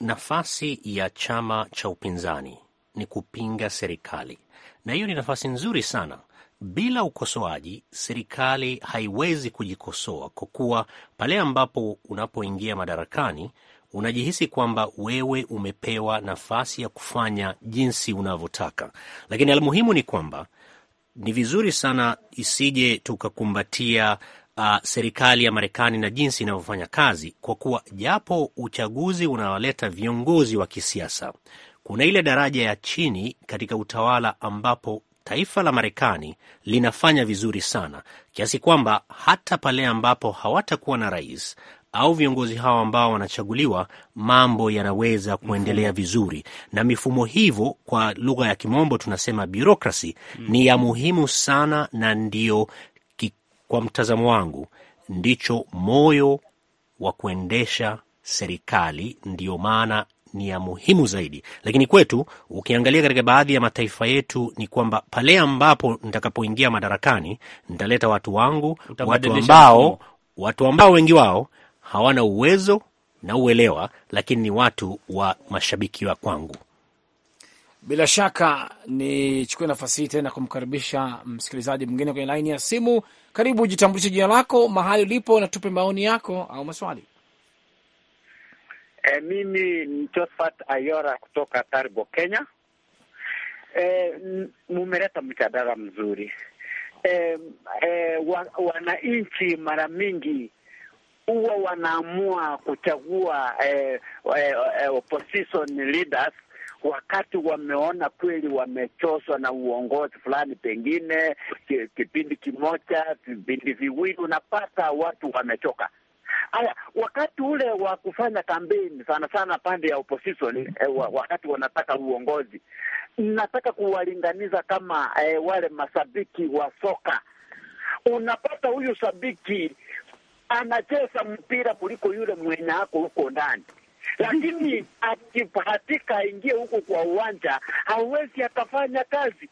nafasi ya chama cha upinzani ni kupinga serikali, na hiyo ni nafasi nzuri sana bila ukosoaji, serikali haiwezi kujikosoa, kwa kuwa pale ambapo unapoingia madarakani unajihisi kwamba wewe umepewa nafasi ya kufanya jinsi unavyotaka. Lakini almuhimu ni kwamba ni vizuri sana isije tukakumbatia uh, serikali ya Marekani na jinsi inavyofanya kazi, kwa kuwa japo uchaguzi unawaleta viongozi wa kisiasa, kuna ile daraja ya chini katika utawala ambapo taifa la Marekani linafanya vizuri sana kiasi kwamba hata pale ambapo hawatakuwa na rais au viongozi hao ambao wanachaguliwa, mambo yanaweza kuendelea vizuri. Na mifumo hivyo, kwa lugha ya kimombo tunasema birokrasi, ni ya muhimu sana, na ndio kwa mtazamo wangu ndicho moyo wa kuendesha serikali. Ndiyo maana ni ya muhimu zaidi, lakini kwetu, ukiangalia katika baadhi ya mataifa yetu, ni kwamba pale ambapo nitakapoingia madarakani nitaleta watu wangu, watu ambao, watu ambao wengi wao hawana uwezo na uelewa, lakini ni watu wa mashabiki wa kwangu. Bila shaka nichukue nafasi hii tena kumkaribisha msikilizaji mwingine kwenye laini ya simu. Karibu, jitambulishe jina lako, mahali ulipo, na tupe maoni yako au maswali. E, mimi ni Josephat Ayora kutoka Taribo, Kenya. E, mumeleta mjadala mzuri. E, e, wa, wananchi mara mingi huwa wanaamua kuchagua e, e, opposition leaders wakati wameona kweli wamechoshwa na uongozi fulani, pengine kipindi kimoja, vipindi viwili, unapata watu wamechoka Haya, wakati ule wa kufanya kampeni sana sana pande ya opposition eh, wakati wanataka uongozi, nataka kuwalinganiza kama eh, wale mashabiki wa soka. Unapata huyu shabiki anacheza mpira kuliko yule mwenye ako huko ndani lakini [LAUGHS] akibahatika aingie huko kwa uwanja hauwezi akafanya kazi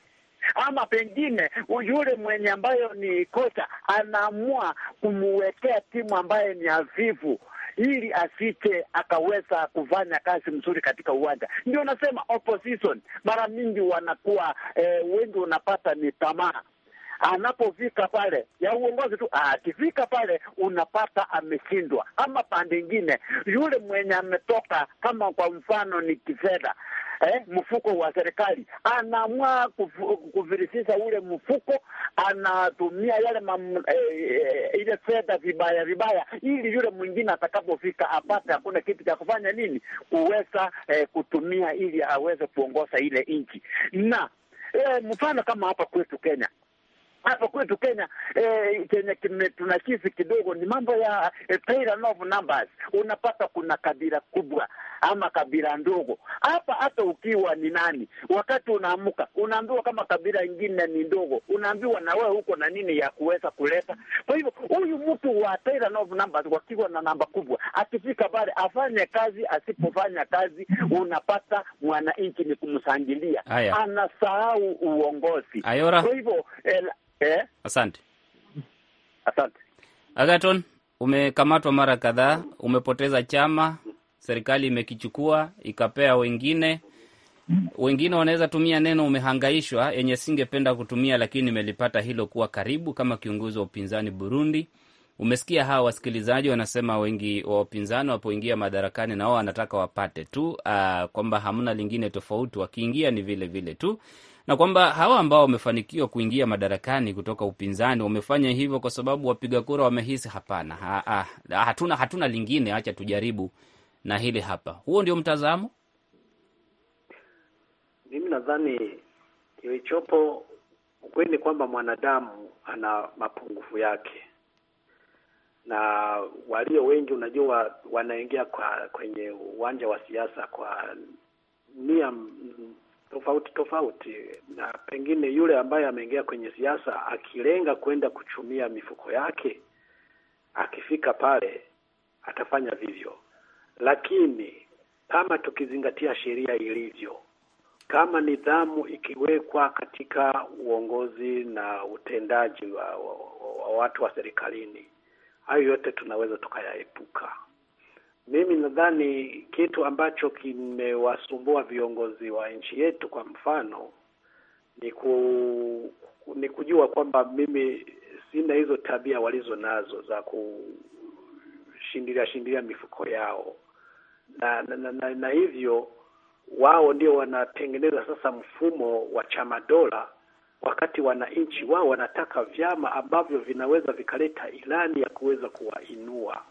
ama pengine yule mwenye ambayo ni kocha anaamua kumuwekea timu ambaye ni hafifu ili asije akaweza kufanya kazi mzuri katika uwanja. Ndio nasema opposition mara mingi wanakuwa eh, wengi unapata ni tamaa anapovika pale ya uongozi tu, ah, akivika pale unapata ameshindwa. Ama pande ingine, yule mwenye ametoka, kama kwa mfano ni kifedha Eh, mfuko wa serikali anaamua kuvirisisha ule mfuko, anatumia yale mam, eh, eh, ile fedha vibaya vibaya, ili yule mwingine atakapofika apate hakuna kitu cha kufanya nini kuweza eh, kutumia ili aweze kuongoza ile nchi na eh, mfano kama hapa kwetu Kenya hapa kwetu Kenya eh, chenye kidogo ni mambo ya eh, trailer numbers. Unapata kuna kabila kubwa ama kabila ndogo hapa, hata ukiwa ni nani, wakati unaamka unaambiwa kama kabila ingine ni ndogo, unaambiwa na wewe huko na nini ya kuweza kuleta. Kwa hivyo huyu mtu wa trailer numbers, wakiwa na namba kubwa, akifika pale afanye kazi, asipofanya kazi unapata mwananchi ni kumsangilia, anasahau uongozi. Ayora. Kwa hivyo eh, Eh? Asante, asante. Agaton, umekamatwa mara kadhaa, umepoteza chama, serikali imekichukua ikapea wengine. Wengine wanaweza tumia neno umehangaishwa, yenye singependa kutumia, lakini nimelipata hilo kuwa karibu kama kiongozi wa upinzani Burundi. Umesikia hawa wasikilizaji wanasema, wengi wa upinzani wapoingia madarakani na wao wanataka wapate tu, uh, kwamba hamna lingine tofauti, wakiingia ni vile vile tu na kwamba hawa ambao wamefanikiwa kuingia madarakani kutoka upinzani wamefanya hivyo kwa sababu wapiga kura wamehisi hapana, ha, ha, hatuna, hatuna lingine, acha tujaribu na hili hapa. Huo ndio mtazamo. Mimi nadhani kilichopo ukweli ni kwamba mwanadamu ana mapungufu yake na walio wengi unajua, wanaingia kwa kwenye uwanja wa siasa kwa nia tofauti tofauti, na pengine yule ambaye ameingia kwenye siasa akilenga kwenda kuchumia mifuko yake, akifika pale atafanya vivyo, lakini kama tukizingatia sheria ilivyo, kama nidhamu ikiwekwa katika uongozi na utendaji wa, wa, wa watu wa serikalini, hayo yote tunaweza tukayaepuka. Mimi nadhani kitu ambacho kimewasumbua viongozi wa nchi yetu kwa mfano ni ku, ni kujua kwamba mimi sina hizo tabia walizo nazo za kushindilia shindilia mifuko yao na, na, na, na, na hivyo wao ndio wanatengeneza sasa mfumo wa chama dola, wakati wananchi wao wanataka vyama ambavyo vinaweza vikaleta ilani ya kuweza kuwainua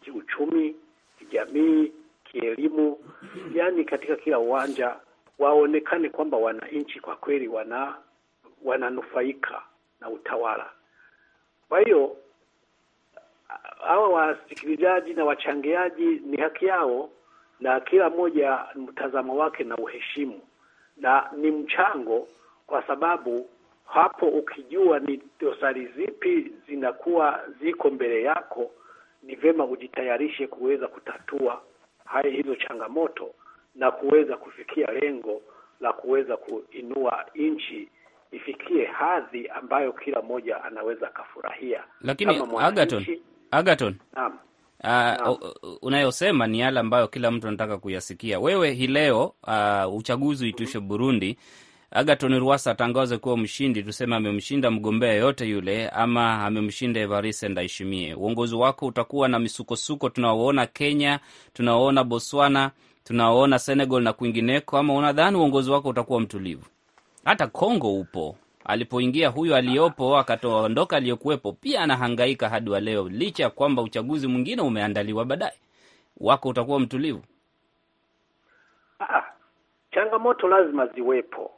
kiuchumi kijamii, kielimu, yani katika kila uwanja waonekane kwamba wananchi kwa kweli wana wananufaika na utawala. Kwa hiyo hawa wasikilizaji na wachangiaji ni haki yao, na kila mmoja mtazamo wake na uheshimu, na ni mchango, kwa sababu hapo ukijua ni dosari zipi zinakuwa ziko mbele yako ni vema ujitayarishe kuweza kutatua haya hizo changamoto na kuweza kufikia lengo la kuweza kuinua nchi ifikie hadhi ambayo kila mmoja anaweza akafurahia. Lakini Agaton, Agaton, naam, uh, unayosema ni yale ambayo kila mtu anataka kuyasikia. Wewe hii leo uh, uchaguzi uitushe Burundi Agaton Ruasa atangaze kuwa mshindi, tuseme amemshinda mgombea yoyote yule, ama amemshinda Evariste Ndayishimiye, uongozi wako utakuwa na misukosuko tunaoona Kenya, tunaoona Botswana, tunaoona Senegal na kwingineko, ama unadhani uongozi wako utakuwa mtulivu? Hata Kongo upo alipoingia huyo aliyopo akatoondoka aliyokuwepo pia anahangaika hadi wa leo, licha ya kwamba uchaguzi mwingine umeandaliwa baadaye. Wako utakuwa mtulivu? Ah, changamoto lazima ziwepo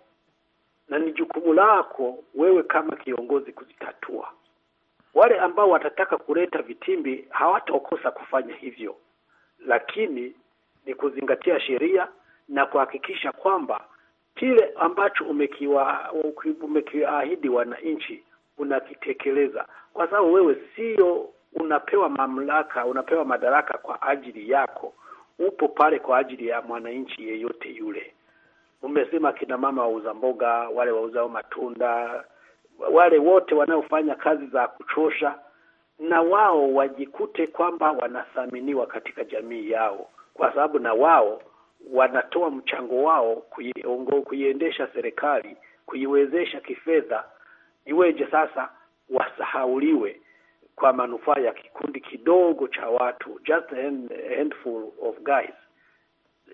na ni jukumu lako wewe kama kiongozi kuzitatua. Wale ambao watataka kuleta vitimbi hawataokosa kufanya hivyo, lakini ni kuzingatia sheria na kuhakikisha kwamba kile ambacho umekiwa umekiahidi wananchi unakitekeleza, kwa sababu wewe sio unapewa mamlaka, unapewa madaraka kwa ajili yako, upo pale kwa ajili ya mwananchi yeyote yule. Umesema kina mama wauza mboga, wale wauzao matunda, wale wote wanaofanya kazi za kuchosha, na wao wajikute kwamba wanathaminiwa katika jamii yao, kwa sababu na wao wanatoa mchango wao kuiendesha serikali, kuiwezesha kifedha, iweje sasa wasahauliwe kwa manufaa ya kikundi kidogo cha watu, just a handful of guys.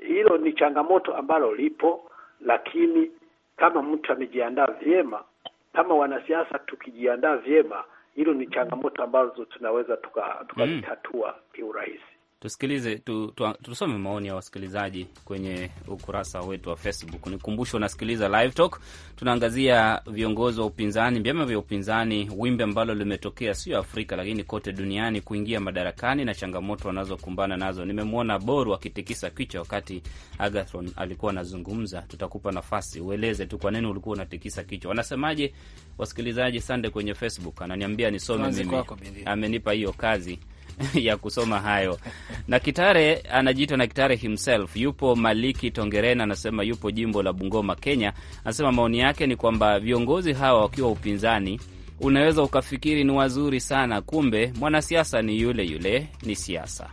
Hilo ni changamoto ambalo lipo lakini kama mtu amejiandaa vyema, kama wanasiasa tukijiandaa vyema, hilo ni changamoto ambazo tunaweza tukazitatua tuka mm. kiurahisi. Tusikilize tu, tu, tusome maoni ya wasikilizaji kwenye ukurasa wetu wa Facebook. Nikumbushe unasikiliza Live Talk, tunaangazia viongozi wa upinzani, vyama vya upinzani, wimbi ambalo limetokea sio Afrika lakini kote duniani, kuingia madarakani na changamoto wanazokumbana nazo. Nimemwona Boru akitikisa kichwa wakati Agathon alikuwa anazungumza. Tutakupa nafasi ueleze tu kwa nini ulikuwa unatikisa kichwa. Wanasemaje wasikilizaji? Sande kwenye Facebook ananiambia nisome mimi, amenipa hiyo kazi [LAUGHS] ya kusoma hayo. Na Kitare anajiitwa na Kitare himself, yupo Maliki Tongerena, anasema yupo jimbo la Bungoma, Kenya. Anasema maoni yake ni kwamba viongozi hawa wakiwa upinzani unaweza ukafikiri ni wazuri sana, kumbe mwanasiasa ni yule yule, ni siasa.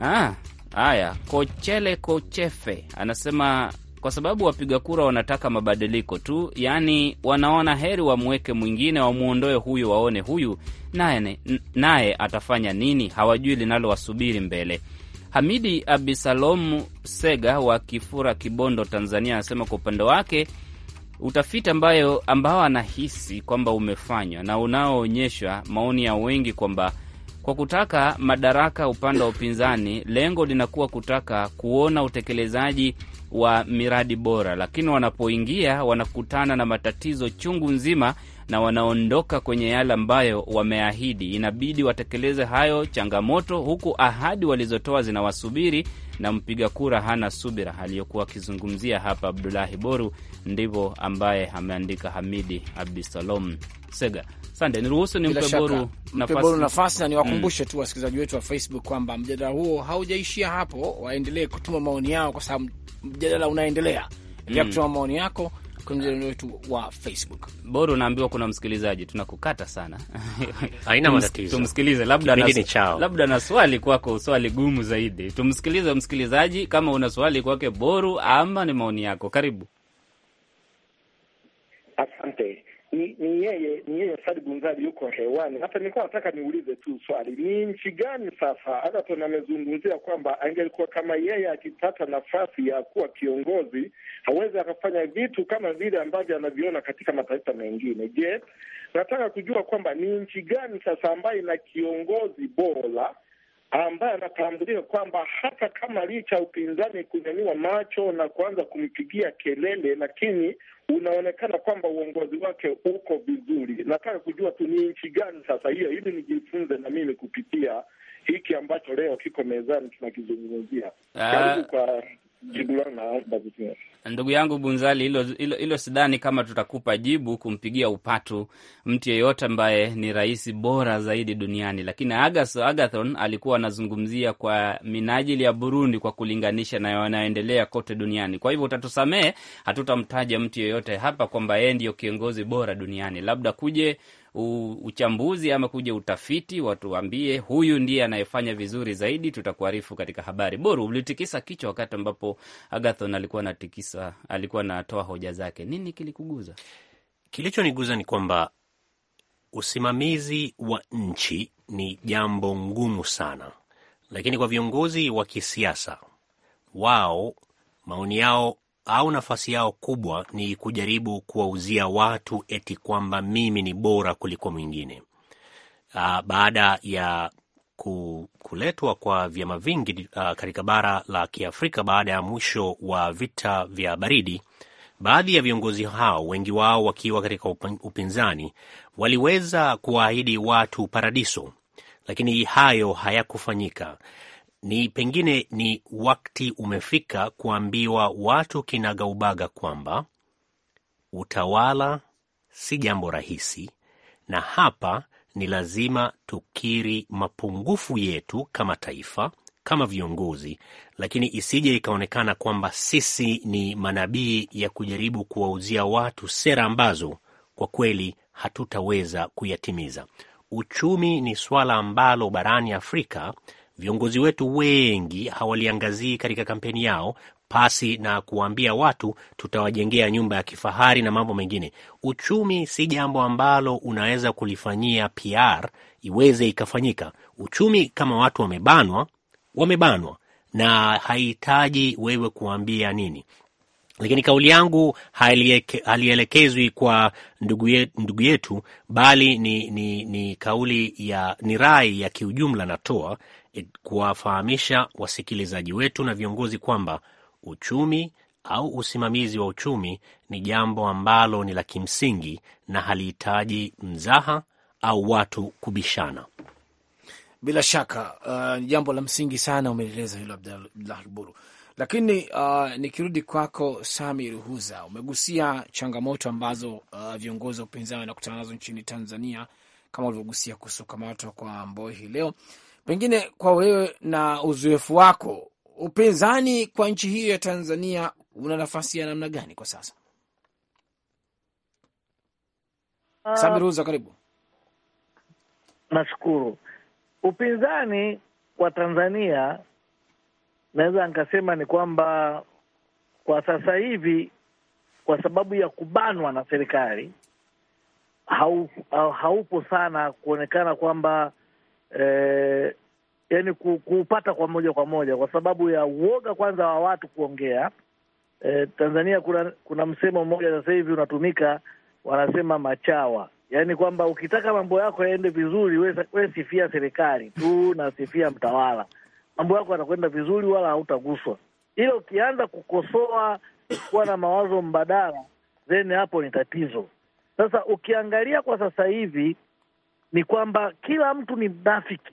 Ah, haya Kochele Kochefe anasema kwa sababu wapiga kura wanataka mabadiliko tu, yaani wanaona heri wamweke mwingine, wamwondoe huyu, waone huyu naye naye atafanya nini. Hawajui linalowasubiri mbele. Hamidi Abisalomu Sega wa Kifura, Kibondo, Tanzania, anasema kwa upande wake utafiti ambayo ambao anahisi kwamba umefanywa na unaoonyesha maoni ya wengi kwamba kwa kutaka madaraka upande wa upinzani, lengo linakuwa kutaka kuona utekelezaji wa miradi bora, lakini wanapoingia wanakutana na matatizo chungu nzima na wanaondoka kwenye yale ambayo wameahidi. Inabidi watekeleze hayo changamoto, huku ahadi walizotoa zinawasubiri na mpiga kura hana subira. Aliyokuwa akizungumzia hapa Abdulahi Boru ndivyo ambaye ameandika Hamidi Abdisalom Sega. Sande, niruhusu nimpe Boru nafasi na niwakumbushe mm. tu wasikilizaji wetu wa Facebook kwamba mjadala huo haujaishia hapo, waendelee kutuma maoni yao kwa sababu mjadala unaendelea. Endelea mm. kutuma maoni yako kwenye mjadala wetu wa Facebook. Boru, naambiwa kuna msikilizaji, tunakukata sana. [LAUGHS] Haina matatizo, tumsikilize, labda na labda na swali kwako, swali gumu zaidi. Tumsikilize msikilizaji, kama una swali kwake Boru ama ni maoni yako, karibu. ni, yeye ni yeye Sali Bunzari yuko hewani. Hata nilikuwa nataka niulize tu swali, ni nchi gani sasa Agaton amezungumzia kwamba angelikuwa kama yeye akipata nafasi ya kuwa kiongozi hawezi akafanya vitu kama vile ambavyo anaviona katika mataifa mengine? Je, nataka kujua kwamba ni nchi gani sasa ambayo ina kiongozi bora ambaye anatambulika kwamba hata kama licha upinzani kunyanyua macho na kuanza kumpigia kelele, lakini unaonekana kwamba uongozi wake uko vizuri. Nataka kujua tu ni nchi gani sasa hiyo, ili nijifunze na mimi kupitia hiki ambacho leo kiko mezani tunakizungumzia. Ah. Karibu kwa Ndugu yangu Bunzali, hilo hilo sidhani kama tutakupa jibu kumpigia upatu mtu yeyote ambaye ni rais bora zaidi duniani, lakini Agathon alikuwa anazungumzia kwa minajili ya Burundi kwa kulinganisha na yanayoendelea kote duniani. Kwa hivyo utatusamehe, hatutamtaja mtu yeyote hapa kwamba yeye ndiyo kiongozi bora duniani, labda kuje uchambuzi ama kuja utafiti, watuambie huyu ndiye anayefanya vizuri zaidi, tutakuarifu katika habari. Boru, ulitikisa kichwa wakati ambapo Agathon alikuwa anatikisa, alikuwa anatoa hoja zake. Nini kilikuguza? Kilichoniguza ni kwamba usimamizi wa nchi ni jambo ngumu sana, lakini kwa viongozi wa kisiasa wao maoni yao au nafasi yao kubwa ni kujaribu kuwauzia watu eti kwamba mimi ni bora kuliko mwingine. Uh, baada ya ku, kuletwa kwa vyama vingi uh, katika bara la Kiafrika baada ya mwisho wa vita vya baridi, baadhi ya viongozi hao, wengi wao wakiwa katika upinzani, waliweza kuwaahidi watu paradiso, lakini hayo hayakufanyika ni pengine ni wakati umefika kuambiwa watu kinagaubaga kwamba utawala si jambo rahisi, na hapa ni lazima tukiri mapungufu yetu kama taifa, kama viongozi, lakini isije ikaonekana kwamba sisi ni manabii ya kujaribu kuwauzia watu sera ambazo kwa kweli hatutaweza kuyatimiza. Uchumi ni swala ambalo barani Afrika Viongozi wetu wengi hawaliangazii katika kampeni yao, pasi na kuwaambia watu tutawajengea nyumba ya kifahari na mambo mengine. Uchumi si jambo ambalo unaweza kulifanyia PR iweze ikafanyika. Uchumi kama watu wamebanwa, wamebanwa na haihitaji wewe kuambia nini. Lakini kauli yangu halielekezwi kwa ndugu yetu, ndugu yetu bali ni, ni, ni kauli ya ni rai ya kiujumla natoa kuwafahamisha wasikilizaji wetu na viongozi kwamba uchumi au usimamizi wa uchumi ni jambo ambalo ni la kimsingi na halihitaji mzaha au watu kubishana. Bila shaka uh, ni uh, jambo la msingi sana, umeeleza hilo Abdullah Lakini uh, nikirudi kwako Sami Ruhuza, umegusia changamoto ambazo uh, viongozi wa upinzani wanakutana nazo nchini Tanzania, kama ulivyogusia kuhusu kwa Mboi hii leo Pengine kwa wewe na uzoefu wako, upinzani kwa nchi hiyo ya Tanzania una nafasi ya namna gani kwa sasa? Uh, ah. Samiruza, karibu. Nashukuru. Upinzani kwa Tanzania naweza nikasema ni kwamba kwa sasa hivi kwa sababu ya kubanwa na serikali hau, haupo sana kuonekana kwamba eh, yani kuupata kwa moja kwa moja kwa sababu ya uoga kwanza wa watu kuongea. Eh, Tanzania kuna, kuna msemo mmoja sasa hivi unatumika, wanasema machawa, yaani kwamba ukitaka mambo yako yaende vizuri, we, we sifia serikali tu na sifia mtawala, mambo yako yatakwenda vizuri wala hautaguswa, ila ukianza kukosoa, kuwa na mawazo mbadala, then hapo ni tatizo. Sasa ukiangalia kwa sasa hivi ni kwamba kila mtu ni mnafiki.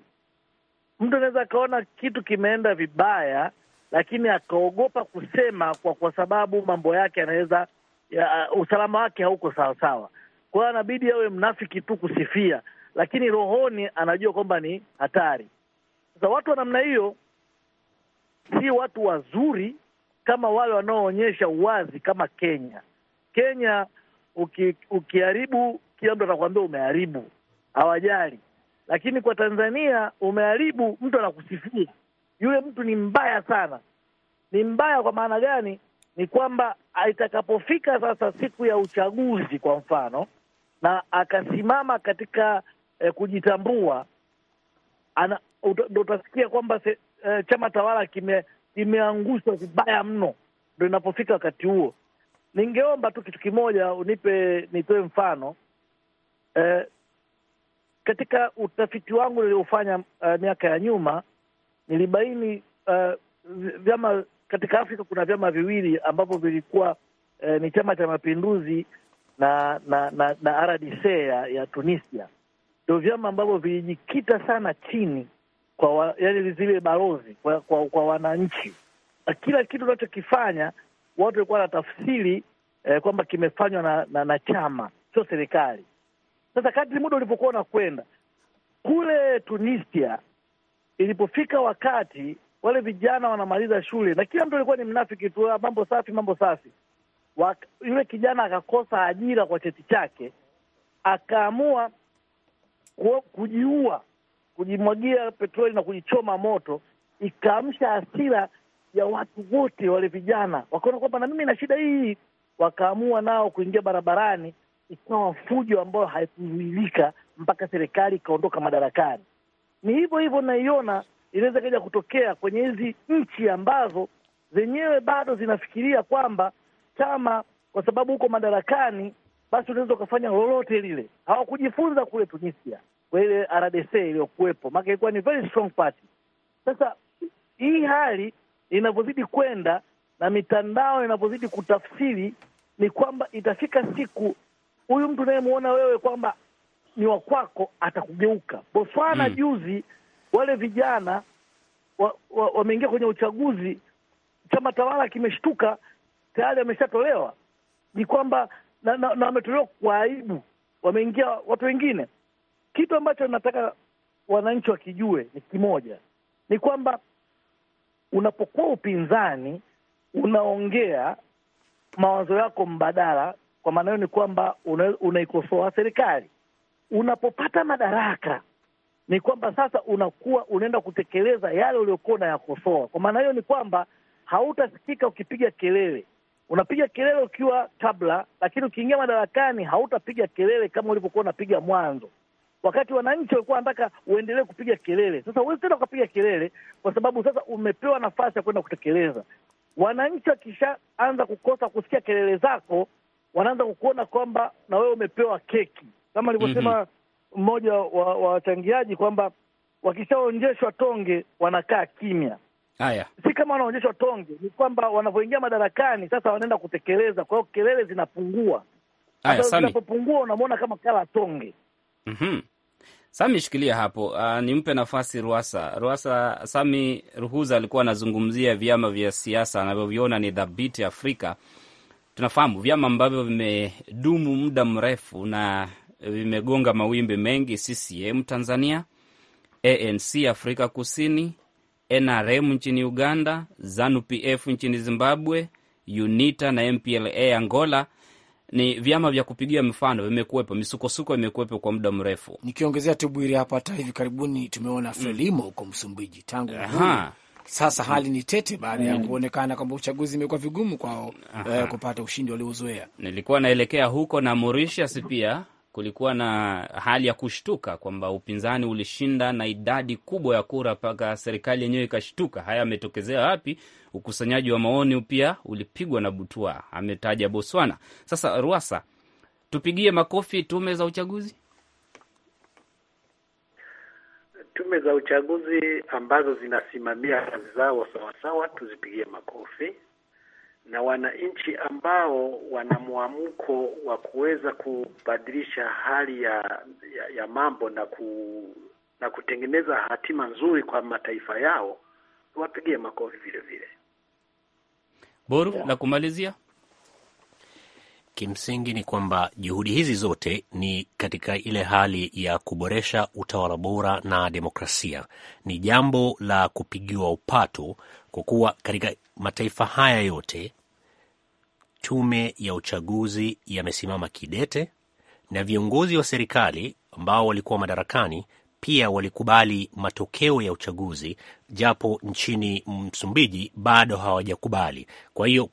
Mtu anaweza akaona kitu kimeenda vibaya, lakini akaogopa kusema kwa kwa sababu mambo yake anaweza ya, usalama wake hauko sawasawa. Kwa hiyo anabidi awe mnafiki tu kusifia, lakini rohoni anajua kwamba ni hatari. Sasa watu wa namna hiyo si watu wazuri kama wale wanaoonyesha uwazi kama Kenya. Kenya uki, ukiharibu kila mtu atakuambia umeharibu hawajali. Lakini kwa Tanzania umeharibu, mtu anakusifia, yule mtu ni mbaya sana. Ni mbaya kwa maana gani? Ni kwamba itakapofika sasa siku ya uchaguzi kwa mfano, na akasimama katika eh, kujitambua, ndo utasikia kwamba se, eh, chama tawala kime imeangushwa vibaya mno. Ndo inapofika wakati huo, ningeomba tu kitu kimoja unipe, nitoe mfano eh, katika utafiti wangu niliofanya uh, miaka ya nyuma nilibaini uh, vyama katika Afrika kuna vyama viwili ambavyo vilikuwa uh, ni Chama cha Mapinduzi na na na, na RDC ya, ya Tunisia ndio vyama ambavyo vilijikita sana chini kwa wa, yani zile balozi kwa, kwa, kwa wananchi na kila kitu unachokifanya watu walikuwa tafsiri eh, uh, kwamba kimefanywa na, na, na chama sio serikali. Sasa kadri muda ulivyokuwa unakwenda kule Tunisia, ilipofika wakati wale vijana wanamaliza shule na kila mtu alikuwa ni mnafiki tu, ah, mambo safi, mambo safi. Wak yule kijana akakosa ajira kwa cheti chake, akaamua kujiua, kujimwagia petroli na kujichoma moto. Ikaamsha hasira ya watu wote, wale vijana wakaona kwamba na mimi na shida hii, wakaamua nao kuingia barabarani ikawa fujo ambayo haikuzuilika mpaka serikali ikaondoka madarakani. Ni hivyo hivyo naiona inaweza kaja kutokea kwenye hizi nchi ambazo zenyewe bado zinafikiria kwamba chama, kwa sababu huko madarakani, basi unaweza ukafanya lolote lile. Hawakujifunza kule Tunisia kwa ile RDC iliyokuwepo, maana ilikuwa ni very strong party. Sasa hii hali inavyozidi kwenda na mitandao inavyozidi kutafsiri, ni kwamba itafika siku huyu mtu unayemwona wewe kwamba ni wa kwako atakugeuka. Botswana mm. Juzi wale vijana wameingia wa, wa kwenye uchaguzi, chama tawala kimeshtuka tayari, ameshatolewa ni kwamba na wametolewa kwa aibu, wameingia watu wengine. Kitu ambacho nataka wananchi wakijue ni kimoja, ni kwamba unapokuwa upinzani unaongea mawazo yako mbadala kwa maana hiyo ni kwamba unaikosoa una serikali. Unapopata madaraka ni kwamba sasa unakuwa unaenda kutekeleza yale uliokuwa unayakosoa. Kwa maana hiyo ni kwamba hautasikika ukipiga kelele. Unapiga kelele ukiwa kabla, lakini ukiingia madarakani hautapiga kelele kama ulivyokuwa unapiga mwanzo, wakati wananchi walikuwa wanataka uendelee kupiga kelele. Sasa huwezi tena ukapiga kelele, kwa sababu sasa umepewa nafasi ya kwenda kutekeleza. Wananchi wakishaanza kukosa kusikia kelele zako, wanaanza kukuona kwamba na wewe umepewa keki, kama alivyosema mm -hmm. mmoja wa wachangiaji kwamba wakishaonjeshwa tonge wanakaa kimya. Haya, si kama wanaonjeshwa tonge, ni kwamba wanavyoingia madarakani sasa wanaenda kutekeleza. Kwa hiyo kelele zinapungua, zinapopungua unamwona kama kala tonge. mm -hmm. Sami, shikilia hapo. Uh, nimpe nafasi Ruasa. Ruasa, Sami Ruhuza alikuwa anazungumzia vyama vya siasa anavyoviona ni dhabiti Afrika tunafahamu vyama ambavyo vimedumu muda mrefu na vimegonga mawimbi mengi, CCM Tanzania, ANC Afrika Kusini, NRM nchini Uganda, ZANU PF nchini Zimbabwe, UNITA na MPLA Angola ni vyama vya kupigia mfano, vimekuwepo. Misukosuko imekuwepo kwa muda mrefu. Nikiongezea tu Bwiri, hapa hata hivi karibuni tumeona Frelimo mm. huko Msumbiji tangu sasa hali ni tete baada ya mm. kuonekana kwamba uchaguzi imekuwa vigumu kwao eh, kupata ushindi waliozoea. Nilikuwa naelekea huko na Mauritius pia kulikuwa na hali ya kushtuka kwamba upinzani ulishinda na idadi kubwa ya kura mpaka serikali yenyewe ikashtuka. Haya ametokezea wapi? Ukusanyaji wa maoni pia ulipigwa na butua, ametaja Botswana. Sasa Rwasa, tupigie makofi tume za uchaguzi. tume za uchaguzi ambazo zinasimamia kazi zao sawasawa, tuzipigie makofi, na wananchi ambao wana mwamko wa kuweza kubadilisha hali ya, ya, ya mambo na, ku, na kutengeneza hatima nzuri kwa mataifa yao, tuwapigie makofi vile vile. Boru, la kumalizia kimsingi ni kwamba juhudi hizi zote ni katika ile hali ya kuboresha utawala bora na demokrasia. Ni jambo la kupigiwa upato, kwa kuwa katika mataifa haya yote tume ya uchaguzi yamesimama kidete na viongozi wa serikali ambao walikuwa madarakani pia walikubali matokeo ya uchaguzi, japo nchini Msumbiji bado hawajakubali. Kwa hiyo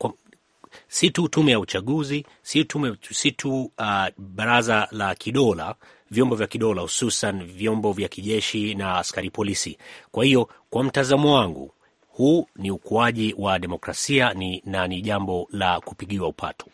si tu tume ya uchaguzi, si si tu uh, baraza la kidola, vyombo vya kidola, hususan vyombo vya kijeshi na askari polisi. Kwa hiyo kwa mtazamo wangu huu ni ukuaji wa demokrasia ni, na ni jambo la kupigiwa upatu.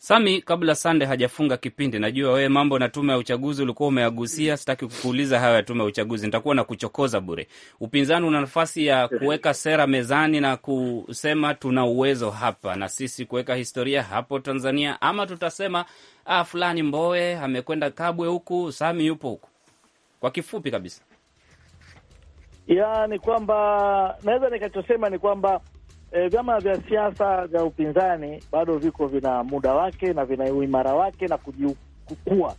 Sami, kabla Sande hajafunga kipindi, najua wewe mambo na tume ya uchaguzi ulikuwa umeagusia, sitaki kukuuliza hayo ya tume ya uchaguzi, nitakuwa na kuchokoza bure. Upinzani una nafasi ya kuweka sera mezani na kusema tuna uwezo hapa na sisi kuweka historia hapo Tanzania, ama tutasema ah, fulani Mbowe amekwenda Kabwe huku, Sami yupo huku. Kwa kifupi kabisa, ya ni kwamba naweza nikachosema ni kwamba E, vyama vya siasa vya upinzani bado viko vina muda wake na vina uimara wake na kujikukua.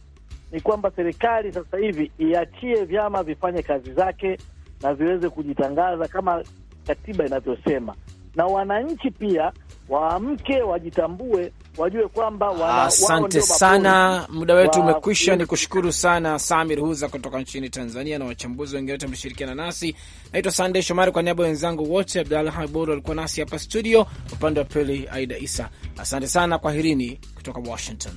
Ni kwamba serikali sasa hivi iachie vyama vifanye kazi zake na viweze kujitangaza kama katiba inavyosema, na wananchi pia waamke, wajitambue wajue kwamba wana, asante sana, muda wetu umekwisha. Ni kushukuru sana Samir Huza kutoka nchini Tanzania na wachambuzi wengine wote wameshirikiana nasi. Naitwa Sandey Shomari, kwa niaba ya wenzangu wote, abdalahabor Habor alikuwa nasi hapa studio, upande wa pili Aida Isa. Asante sana, kwaherini kutoka Washington.